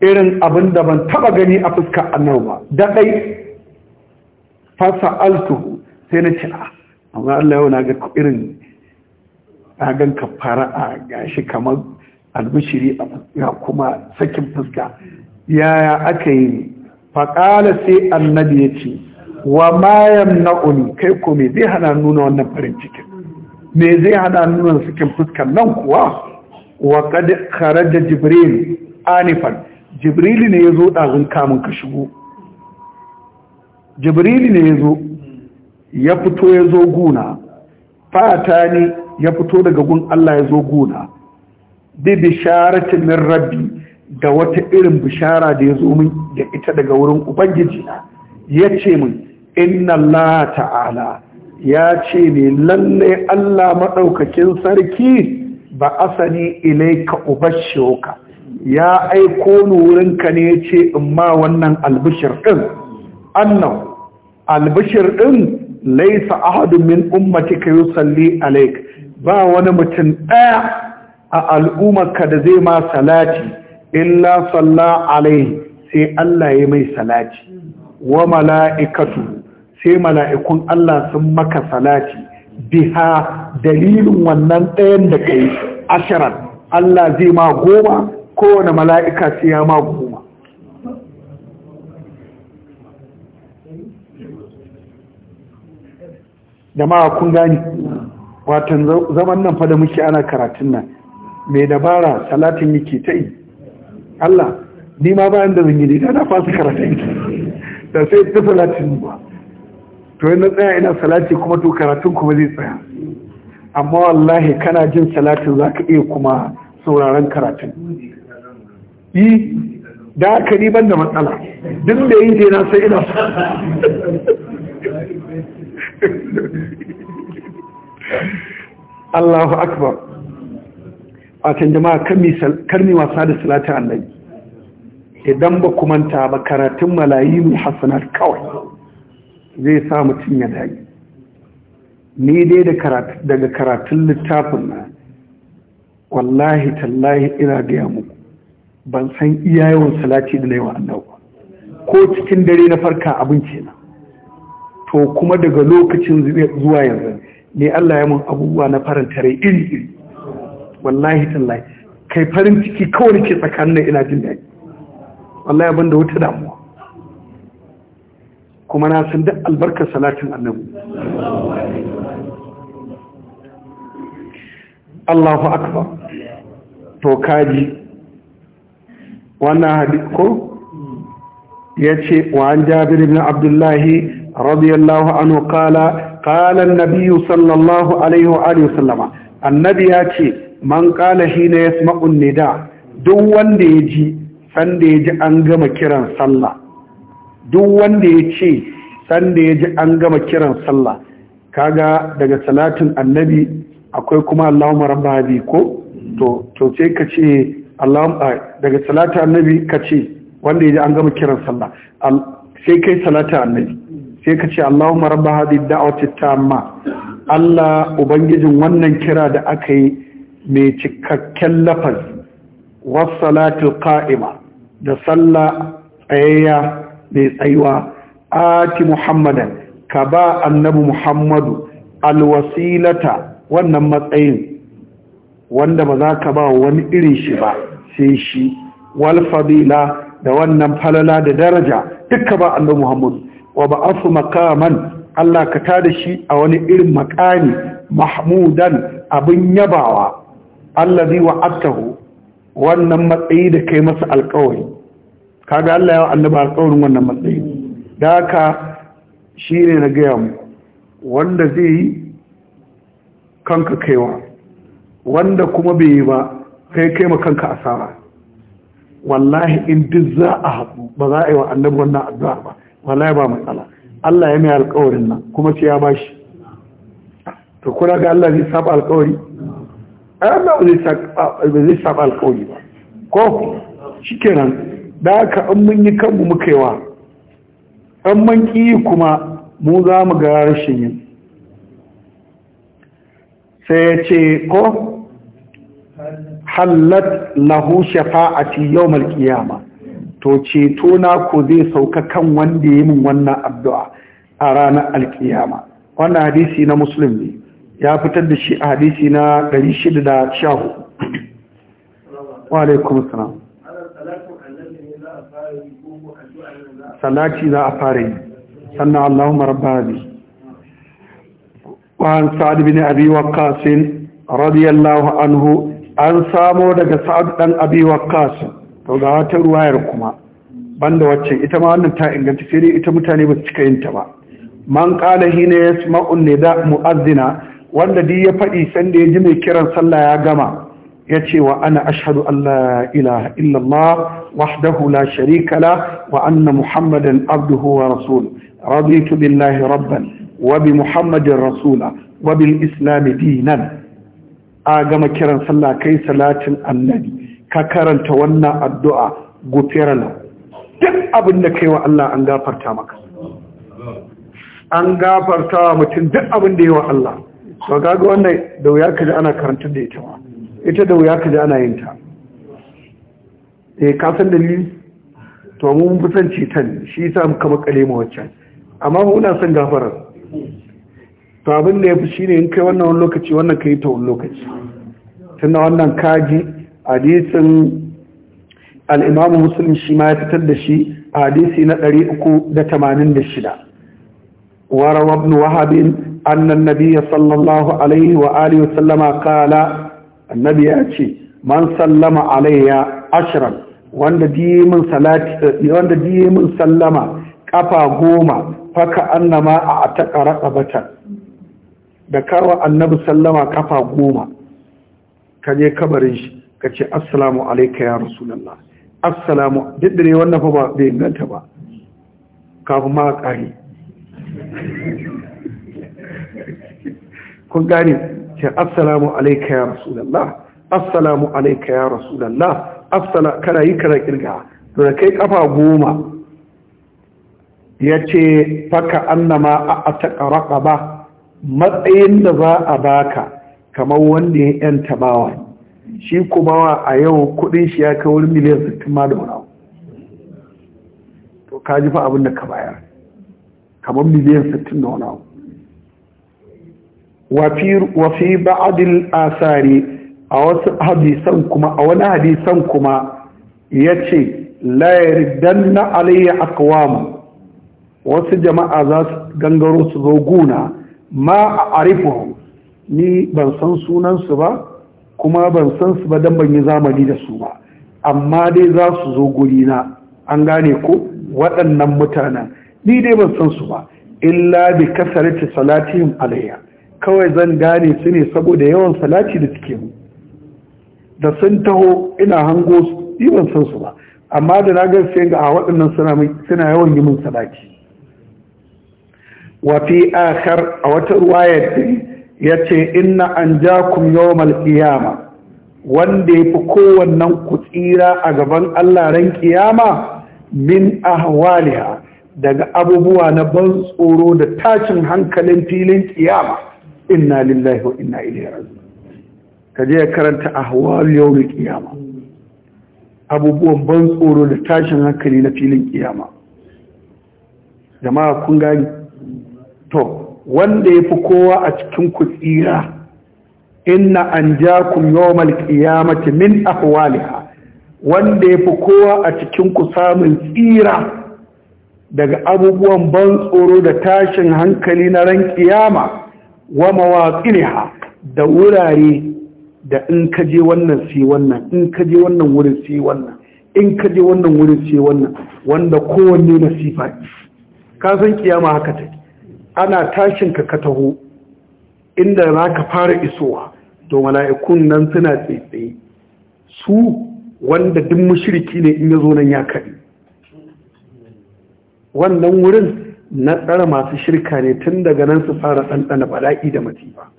irin abin da ban taba gani a fuska annabi ba da kai fasa'altu sai na ci a ah, amma Allah yau na ga irin agan kafara a gashi kamar albishiri a fuska kuma sakin fuska yaya aka yi faƙala sai annabi ya ce wa ma na'uni kai ko me zai hana nuna wannan farin cikin me zai hana nuna cikin fuskan nan kuwa wa qad kharaja jibril anifan jibril ne yazo dazun kamun ka shigo jibril ne yazo ya fito yazo guna fata ne ya fito daga gun Allah yazo guna bi bisharatin min rabbi da wata irin bishara da yazo min da ita daga wurin ubangiji ya ce min inna Allah ta'ala ya ce ne lalle Allah maɗaukakin sarki ba asani ilaika ubashiruka ya aiko ni wurinka ne ya ce in ma wannan albishir ɗin annan albishir ɗin laisa ahadun min kayi salli alaik ba wani mutum ɗaya a al'ummarka da zai ma salati illa salla alaihi sai Allah ya mai salati wa mala'ikatu sai mala'ikun Allah sun maka salati biha dalilin wannan ɗayan da kai ashirar Allah zai ma goma kowane mala'ika sai ya ma goma ma kun gani watan zaman nan fa da muke ana karatun nan mai dabara salatin yake ta yi Allah ni ma bayan da zan yi da na fasa karatun da sai ta salatin ba to nan tsaya ina salati kuma to karatun kuma zai tsaya amma wallahi kana jin salatin za ka iya kuma sauraron karatun yi da aka ban da matsala duk da yin jena sai ina Allahu akbar a can jama'a mi wasa da salatin annabi idan ba kumanta ba karatun malayi mai hasanar kawai zai sa mutum ya dage ni dai daga karatun littafin na wallahi tallahi ina gaya muku ban san iya yawan salati da na yi ko cikin dare na farka abinci na to kuma daga lokacin zuwa yanzu ne Allah ya mun abubuwa na faranta rai iri iri wallahi tallahi kai farin ciki kawai ke tsakanin ina jin daɗi wallahi abinda wata damuwa kuma na san duk albarkar salatin annabi Allahu akbar to kaji wannan hadith ko yace wa an Jabir ibn Abdullah radiyallahu anhu qala qala an-nabiy sallallahu alaihi wa alihi wasallama annabi yace man qala hina yasma'u an-nida duk wanda yaji san da yaji an gama kiran sallah duk wanda ya ce sanda ya ji an gama kiran sallah kaga daga salatin annabi akwai kuma Allahumma rabba bi ko to to sai ka ce Allahumma daga salatin annabi ka ce wanda ya ji an gama kiran sallah sai kai salatin annabi sai ka ce Allahumma rabba hadi da'wati tamma Allah ubangijin wannan kira da aka yi mai cikakken lafazi wa salatul qa'ima da sallah tsayayya mai tsayuwa ati muhammadan ka ba annabi muhammadu alwasilata wannan matsayin wanda ba za ka ba wani irin shi ba sai shi walfadila da wannan falala da daraja duka ba annabi muhammadu wa ba afu makaman Allah ka da shi a wani irin makani mahmudan abin yabawa allazi wa'attahu wannan matsayi da kai masa alƙawari kaga Allah ya annaba alƙawarin wannan matsayi da haka ne na gaya mu wanda zai yi kanka kaiwa wanda kuma bai yi ba kai kai ma kanka asara wallahi in duk za a haɗu ba za a yi wa annabi wannan addu'a ba wallahi ba matsala Allah ya mai alƙawarin nan kuma ce ya ba shi. to kuna ga Allah zai saba alƙawari ai Allah ba zai saba alƙawari ba ko shikenan da haka an mun yi kanmu muka yawa an man ƙi kuma mu za mu ga rashin yin sai ya ce ko hallat lahu shafa'ati yawmal qiyama to ceto na ko zai sauka kan wanda yi min wannan addu'a a ranar alkiyama wannan hadisi na muslim ne ya fitar da shi a hadisi na 614 wa alaikum salam
salati za a fara
yi sannan Allahumma rabba bi wa an sa'ad bin abi waqqas radiyallahu anhu an samo daga sa'ad dan abi waqqas to ga wata ruwayar kuma banda wacce ita ma wannan ta inganta sai dai ita mutane ba su cika yin ta ba man qala hina yasma'u nida mu'azzina wanda di ya fadi sanda ya ji mai kiran sallah ya gama ya ce wa ana ashadu Allah ilaha illallah wahdahu la sharika la wa anna muhammadan abduhu wa rasul raditu billahi rabban wa bi muhammadin rasula wa bil islami dinan a gama kiran sallah kai salatin annabi ka karanta wannan addu'a gufera lau duk abin da kai wa Allah an gafarta maka an gafarta wa mutum duk abin da yi wa Allah to gaga wannan da wuya ka ana karanta da ita ba ita da wuya ka ji ana yin ta E, ka san dalili to mun fi son cetan shi yasa muka makale mu waccan amma mu na son gafarar to abin da ya shi shine in kai wannan wani lokaci wannan kai ta wani lokaci tunda wannan kaji hadisin al-Imam Muslim shi ma ya fitar da shi a hadisi na 386 wa rawa ibn Wahab annan an sallallahu alaihi wa alihi wa sallama qala annabi ya ce man sallama alayya ashran wanda diye min salati wanda diye min sallama kafa goma faka annama a ataka bata da karwa annabi sallama kafa goma kaje kabarin shi kace assalamu alayka ya rasulullah assalamu duk da ne wannan fa ba bai inganta ba kafin ma kare [laughs] kun gane ce assalamu alaika ya rasulallah assalamu alaika ya rasulallah assala kana yi kana kirga to da kai kafa goma ya ce faka annama a ataka raqaba matsayin da za a baka kamar wanda ya yan bawa shi kuma a yau kudin shi ya kai miliyan 60 ma da wani to ka ji fa abin da ka bayar kamar miliyan 60 da wani wa fi ba'adil asari a wasu hadisan kuma a wani hadisan kuma ya ce layar na alayya akwam wasu jama'a za su gangaro su zo guna ma a arifuhu ni ban san sunansu ba kuma ban san su ba don ban yi zamani da su ba amma dai za su zo gurina an gane ko waɗannan mutanen ni dai ban san su ba illa bi kasarati salatin alayya kawai zan gane su ne saboda yawan salaci da suke mu da sun taho ina hango su ban san su ba amma da na ga ga a waɗannan suna yawan yi min salaci. wa fi a wata ruwaya yace inna anjakum yawmal qiyamah wanda ya fi kowannan ku tsira a gaban Allah ran kiyama min ahwaliha daga abubuwa na ban tsoro da tashin hankalin filin kiyama inna lillahi wa inna ilaihi raji'un kaje karanta ahwal yawmil qiyama abubuwan ban tsoro da tashin hankali na filin kiyama jama'a kun gani to wanda yafi kowa a cikin ku tsira inna anjakum yawmal kiyamati min ahwaliha wanda yafi kowa a cikin ku samun tsira daga abubuwan ban tsoro da tashin hankali na ran kiyama wa mawaqiliha da wurare da in ka je wannan sai wannan in ka je wannan wurin sai wannan in ka je wannan wurin sai wannan wanda kowanne na sifa ka san kiyama haka take ana tashin ka ka taho inda za ka fara isowa to mala'ikun nan suna tsaye su wanda duk mushriki ne in ya zo nan ya kaɗi wannan wurin na tsara masu shirka ne tun daga nan su fara ɗanɗana bala'i da masifa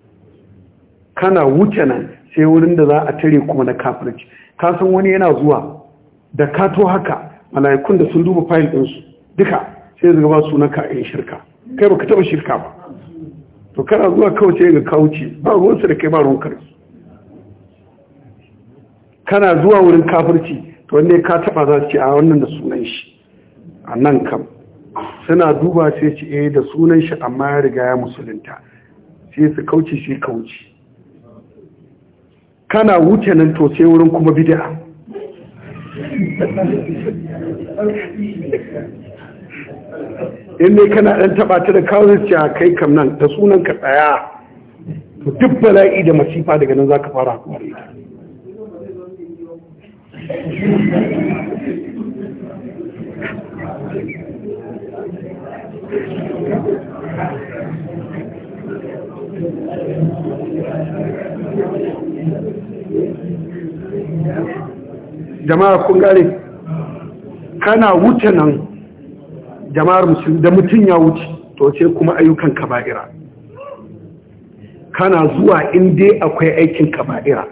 kana wuce nan sai wurin da za a tare kuma na kafirci ka san wani yana zuwa da kato haka mala'ikun da sun duba fayil ɗinsu duka sai zuga ba su na ka'in shirka kai baka taɓa shirka ba to kana zuwa kauce ga kawuce ba ruwansu da kai ba ruwan kare kana zuwa wurin kafirci to wanda ka taɓa za su ce a wannan da sunan shi a nan kam Suna duba sai ci e eh, da sunan shi amma ya riga ya musulunta sai su kauce shi kauce kana wuce nan to sai wurin kuma bid'a in ne kana dan taɓa ta da kawo a kai kam nan da sunan ka tsaya to duk bala'i da masifa daga nan zaka ka fara hakuwar ita jama'ar kun gane kana wuce nan jama'ar musulmi da mutum ya wuce to ce kuma ayyukan kaba'ira kana zuwa inda akwai aikin kaba'ira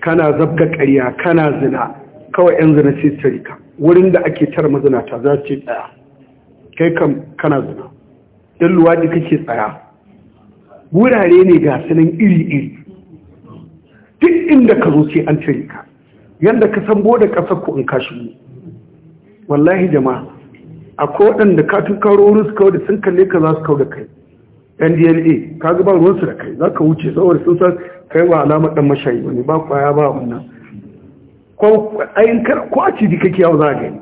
kana zabga ƙarya kana zina kawai 'yan zina sai tsarika wurin da ake tara mazinata za su ce tsaya kai kam kana zina ɗan luwaɗi kake tsaya wurare ne ga sanin iri-iri duk inda ka zo ce an cire ka yadda ka san bude kasar ku in kashi mu. wallahi jama'a akwai waɗanda ka tun karo wurin su kawo da sun kalle ka za su kawo da kai ndla ka zuba ruwan ruwansu da kai za ka wuce saboda sun san kai ba alamar ɗan mashayi wani ba kwaya ba wannan ko ayin kar ko a ciki kake yawo za gani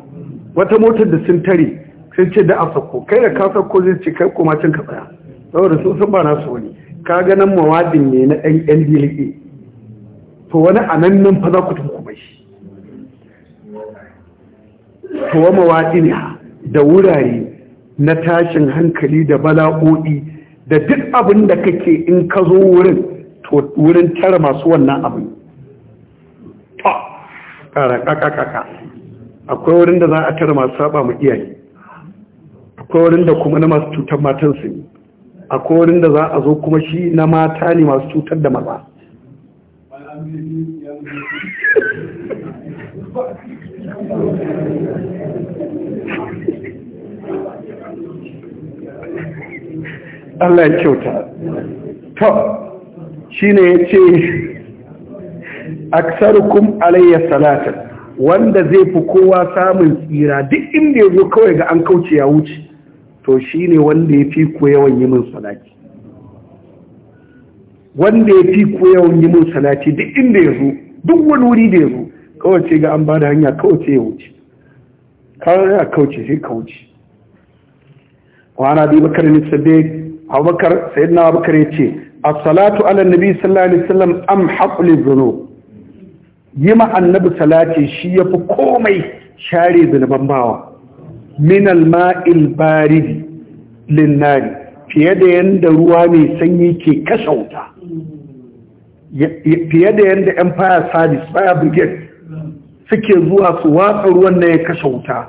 wata motar da sun tare sun ce da a sako kai da ka sako zai ce kai kuma can ka tsaya saboda sun san ba nasu wani ka ganin mawadin ne na ɗan ndla to wani anan nan fa za ku tafi ku bashi to wa ne da wurare na tashin hankali da bala'o'i da duk abin da kake in ka zo wurin to wurin tara masu wannan abin ta ƙaƙaƙaƙa akwai wurin da za a tara masu saba mu iyaye akwai wurin da kuma na masu cutar matansu ne akwai wurin da za a zo kuma shi na mata ne masu cutar da maza Allah ya kyauta to shine ce, aksarukum alayya salatar, wanda zai fi kowa samun tsira duk inda ya zo kawai ga an kauce ya wuce to shine wanda ya fi ku yawan yi min salaki wanda ya fi ko yawan yi mun salati duk inda ya zo duk wani wuri da ya zo kawace ga an ba da hanya kawace ya wuce kawai ya kauce sai kawace wuce wa ana bi bakar ne sabbe abubakar sayyidina abubakar ya ce a salatu ala nabi sallallahu alaihi wasallam am haqli zuno yi ma annabi salati shi ya fi komai share zunuban bawa min al-ma'il bari lin nari fiye da yanda ruwa mai sanyi ke kashe wuta fiye da yadda empire service fire brigade suke zuwa su watsa ruwan na ya kashe wuta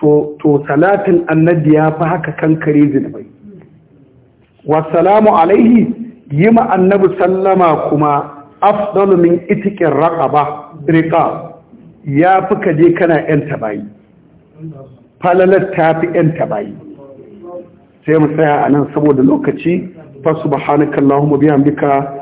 to salatin annabi ya fi haka kankare zinubai wasalamu alaihi yi ma annabi sallama kuma afdalu min itikin ba. riqa ya fi kaje kana yan tabayi falalar ta fi yan tabayi sai mu tsaya a nan saboda lokaci fa subhanakallahumma bihamdika